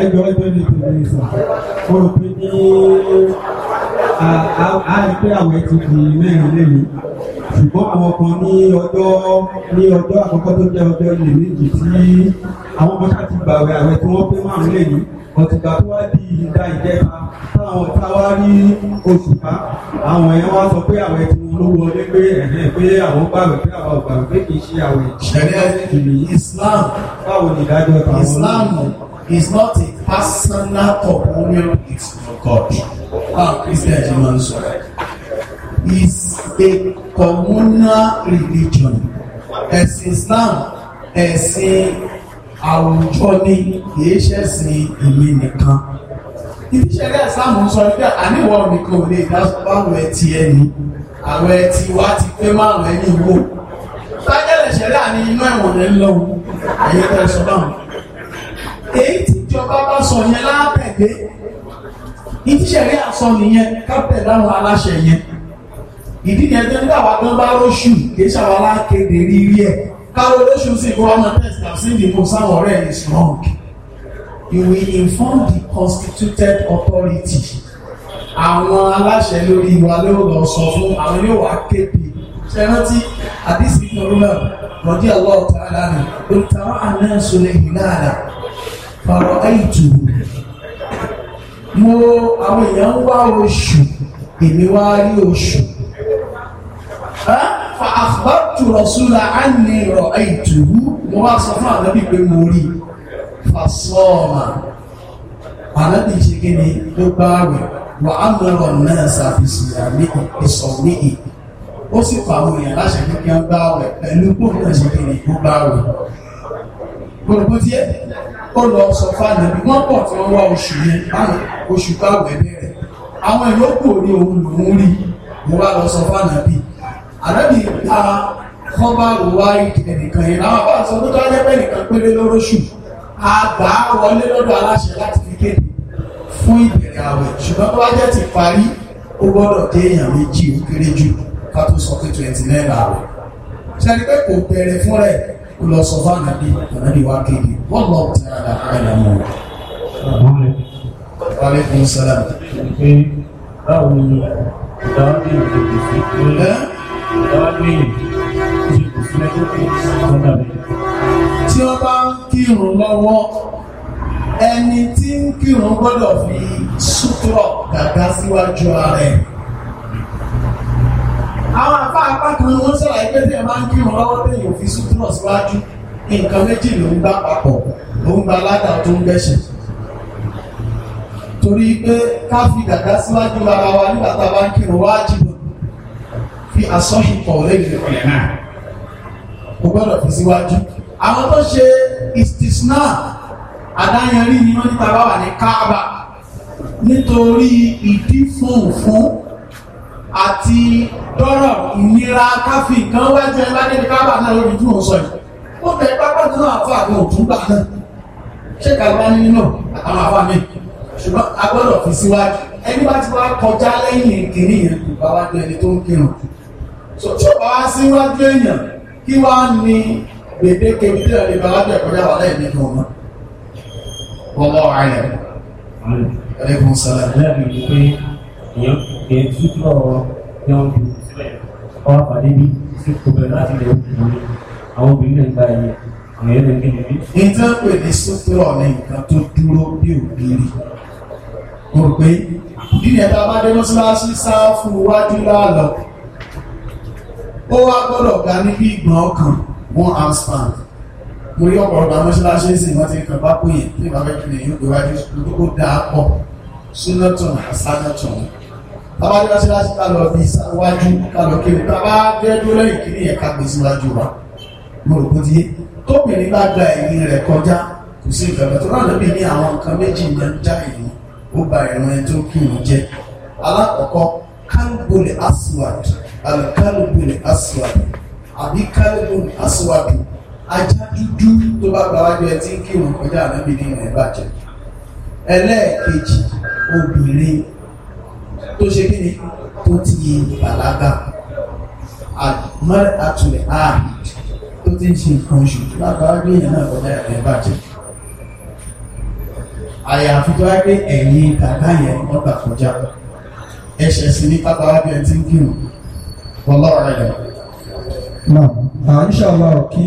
ẹjọ ẹjọ ní ìpínlẹ̀ ìsà mo rò pé ní àìpé àwẹ̀ ti di mẹ́rin lẹ́yìn ṣùgbọ́n àwọn kan ní ọjọ́ ní ọjọ́ àkọ́kọ́ tó jẹ́ ọjọ́ ìlú méjì tí àwọn kan ṣáà ti gbàwẹ̀ àwẹ̀ tí wọ́n pé márùn-ún lẹ́yìn ọ̀tìgbà tó wá di ìdá ìjẹta táwọn táwa rí oṣù ká àwọn yẹn wá sọ pé àwẹ̀ tí wọn ló wọlé pé ẹ̀hẹ́ pé àwọn gbàwẹ̀ pé àwọn gbàwẹ̀ pé kì í ṣe àwẹ̀. ṣẹlẹ Islam báwo ni ìdájọ́ tàwọn. Islam is not a personal communion with your God how Christian ṣe máa ń sọ is a communal religion ẹ̀sìn Islam ẹ̀sìn àwùjọ ni kìí ṣẹ̀sìn èmi nìkan ìṣẹ̀lẹ̀ ìsìláàmù ń sọ nígbà àníwọ̀ nìkan ò lè dáṣọ báwọn ẹtì ẹni àwọn ẹtì wa ti pé márùn ẹni wò tájẹ́lẹ̀ ìṣẹ̀lẹ̀ àní inú ẹ̀wọ̀n rẹ̀ ń lọ èyí tẹ́ sọ báwọn èyí tíjọba bá sọ yẹn lábẹ̀lé ìṣẹ̀lẹ̀ àsọ nìyẹn kápẹ̀ láwọn aláṣẹ yẹn ìdí yẹn tó nígbà wà tó bá róṣù kì í káwọn olóṣù sì kó ọmọ test and see the concern ọ̀rẹ́ is wrong you will inform the constituted authority àwọn aláṣẹ lórí wa ló lọ sọ fún àwọn yóò wá képe ṣe rántí àdìsí ìfọ̀rọ̀lá rọ̀dí ọlọ́ọ̀tà aláàrẹ̀ olùtàwà àná sọlẹ̀ ìlànà fàrọ̀ ẹ̀yìtù mo àwọn èèyàn ń wá oṣù èmi wá rí oṣù fa àgbà tu rọ̀súlà á ní ìrọ̀ ìtùwú mo wá sọ fún ànábì pé mo rí fàṣọ́ọ̀mà ànábì ṣe kí ni ló bá wẹ̀ wà á mọ̀rọ̀ náà ṣàfihàn ní ìsọ̀rí ì ó sì fà àwọn èèyàn láṣẹ kí wọ́n bá wẹ̀ pẹ̀lú bó náà ṣe kí ni ó bá wẹ̀ gbogbo díẹ̀ ó lọ sọ fáànà bí wọ́n pọ̀ tí wọ́n wá oṣù yẹn báyìí oṣù báwẹ̀ bẹ̀rẹ̀ àwọn ìyókù orí òun lòún rí mo wá lọ sọ fáànà bí àrẹ́bí ta kọ́bàrù wáìdì ẹnìkan yẹn láwọn bá sọ tó dájẹ́ pé nìkan péré lóróṣù àgbà wọlé lọ́dọ̀ aláṣẹ láti fi kéde fún ìbẹ̀rẹ̀ àwẹ̀ ṣùgbọ́n tó bá jẹ́ ti parí ó gbọ́dọ̀ dé èèyàn méjì ó kéré jù ká tó sọ pé twenty nine àwẹ̀ ṣẹ́ni pé kò bẹ̀rẹ̀ fún rẹ̀ kò lọ sọ fún ànábì ànábì wá kéde wọ́n lọ tẹ̀ àdàkàrà mọ́ Aleykum salaam. Ṣé báwo ni ìdáwọ́ bí ìdíje fi kéré? Ìdáwọ́ bí ìdíje tí wọ́n bá ń kírun lọ́wọ́ ẹni tí ń kírun gbọ́dọ̀ fi sútúrọ̀ gàgá síwájú ara ẹ̀ àwọn àfá apá kan wọ́n sọ̀rọ̀ pé tí ẹ máa ń kírun lọ́wọ́ téèyàn fi sútúrọ̀ síwájú nǹkan méjì ló ń gbá papọ̀ ló ń gba ládà tó ń gbẹ̀ṣẹ̀ torí pé ká fi gàgá síwájú ara wa nígbà tá a bá ń kírun wájú fi àsọ́yìnpọ̀ lẹ́yìn ìrọ̀lẹ́ náà kò gbọ́dọ̀ fi síwájú. àwọn tó ṣe istisna àdáyanrí ni wọ́n níta bá wà ní káàbà nítorí ìdí funfun àti dọ́rọ̀ ìnira káfí kan wájú ẹ bá débi káàbà náà lórí ìdúró sọ yìí ó bẹ pápá tó náà fún àwọn òtún gbà náà ṣé kàlùbá nínú náà àtàwọn àfa mi ṣùgbọ́n a gbọ́dọ̀ fi síwájú ẹni bá ti wá kọjá lẹ́yìn ìkíní yẹn kò bá wá dé ẹni tó ń kírun jù so tí ó bá wá síwájú èèyàn kí wá ní gbèdéke bí ó lè bá wájú ẹ̀kọ́jà wà lẹ́yìn nínú ọmọ wọn lọ ààyè ẹlẹ́gùn sọ̀rọ̀ lẹ́yìn ní pé èèyàn kì í túbọ̀ yọ̀n bí ọwọ́ pàdé bí sí kò bẹ̀rẹ̀ láti lè wọ́n àwọn obìnrin náà gba ẹ̀yẹ àwọn èèyàn lè gbé níbí. nǹkan pè ní sútúrọ̀ ní nǹkan tó dúró bí ògiri mo rò pé ìdí ẹ̀ta bá dé mọ́sálásí sáà fún iwájú láàlọ́ ó wá gbọ́dọ̀ ga níbi ìgbọ̀n ọkàn one arm span mo rí ọ̀pọ̀lọpọ̀ amọ́ṣáláṣí ẹ̀sìn wọn ti kàn bá pò yẹn ní bàbá ìpínlẹ̀ yóò gbé wájú ṣùgbọ́n ó dáa pọ̀ sunatun hasanatun bàbá ní mọ́ṣáláṣí ká lọ bí wájú ká lọ kí bàbá jẹ́ dúró lẹ́yìn kí nìyẹn ká gbé síwájú wa mo rò bó ti yé tóbìnrin bá gba ẹ̀yìn rẹ̀ kọjá kò sí ìfẹ̀mẹ̀ tó rán níbi ní àwọn nǹkan méjì ní ọjà ìlú ó ba ìran ẹni tó kírun jẹ alákọ̀ọ́kọ́ káńgbólẹ̀ aswad alkalbun aswad àbí kalbun aswad ajá dúdú tó bá gba wájú ẹtí kí wọn kọjá ànábì ní ilẹ̀ bàjẹ́ ẹlẹ́ẹ̀kejì obìnrin tó ṣe kí ni tó ti bàlágà àmọ́rẹ́ àtúnlẹ̀ ààrùn tó ti ń ṣe nǹkan oṣù lágbára bí èèyàn náà kọjá ẹ̀rẹ́ bàjẹ́ àyàfi tó wáyé pé ẹ̀yìn bàbá yẹn wọ́n gbà kọjá ẹ̀ṣẹ̀ sí ní pápá wájú ẹtí kí wọn wọ́n lọ́rọ̀ rẹ̀ yẹn. náà inshallah kí.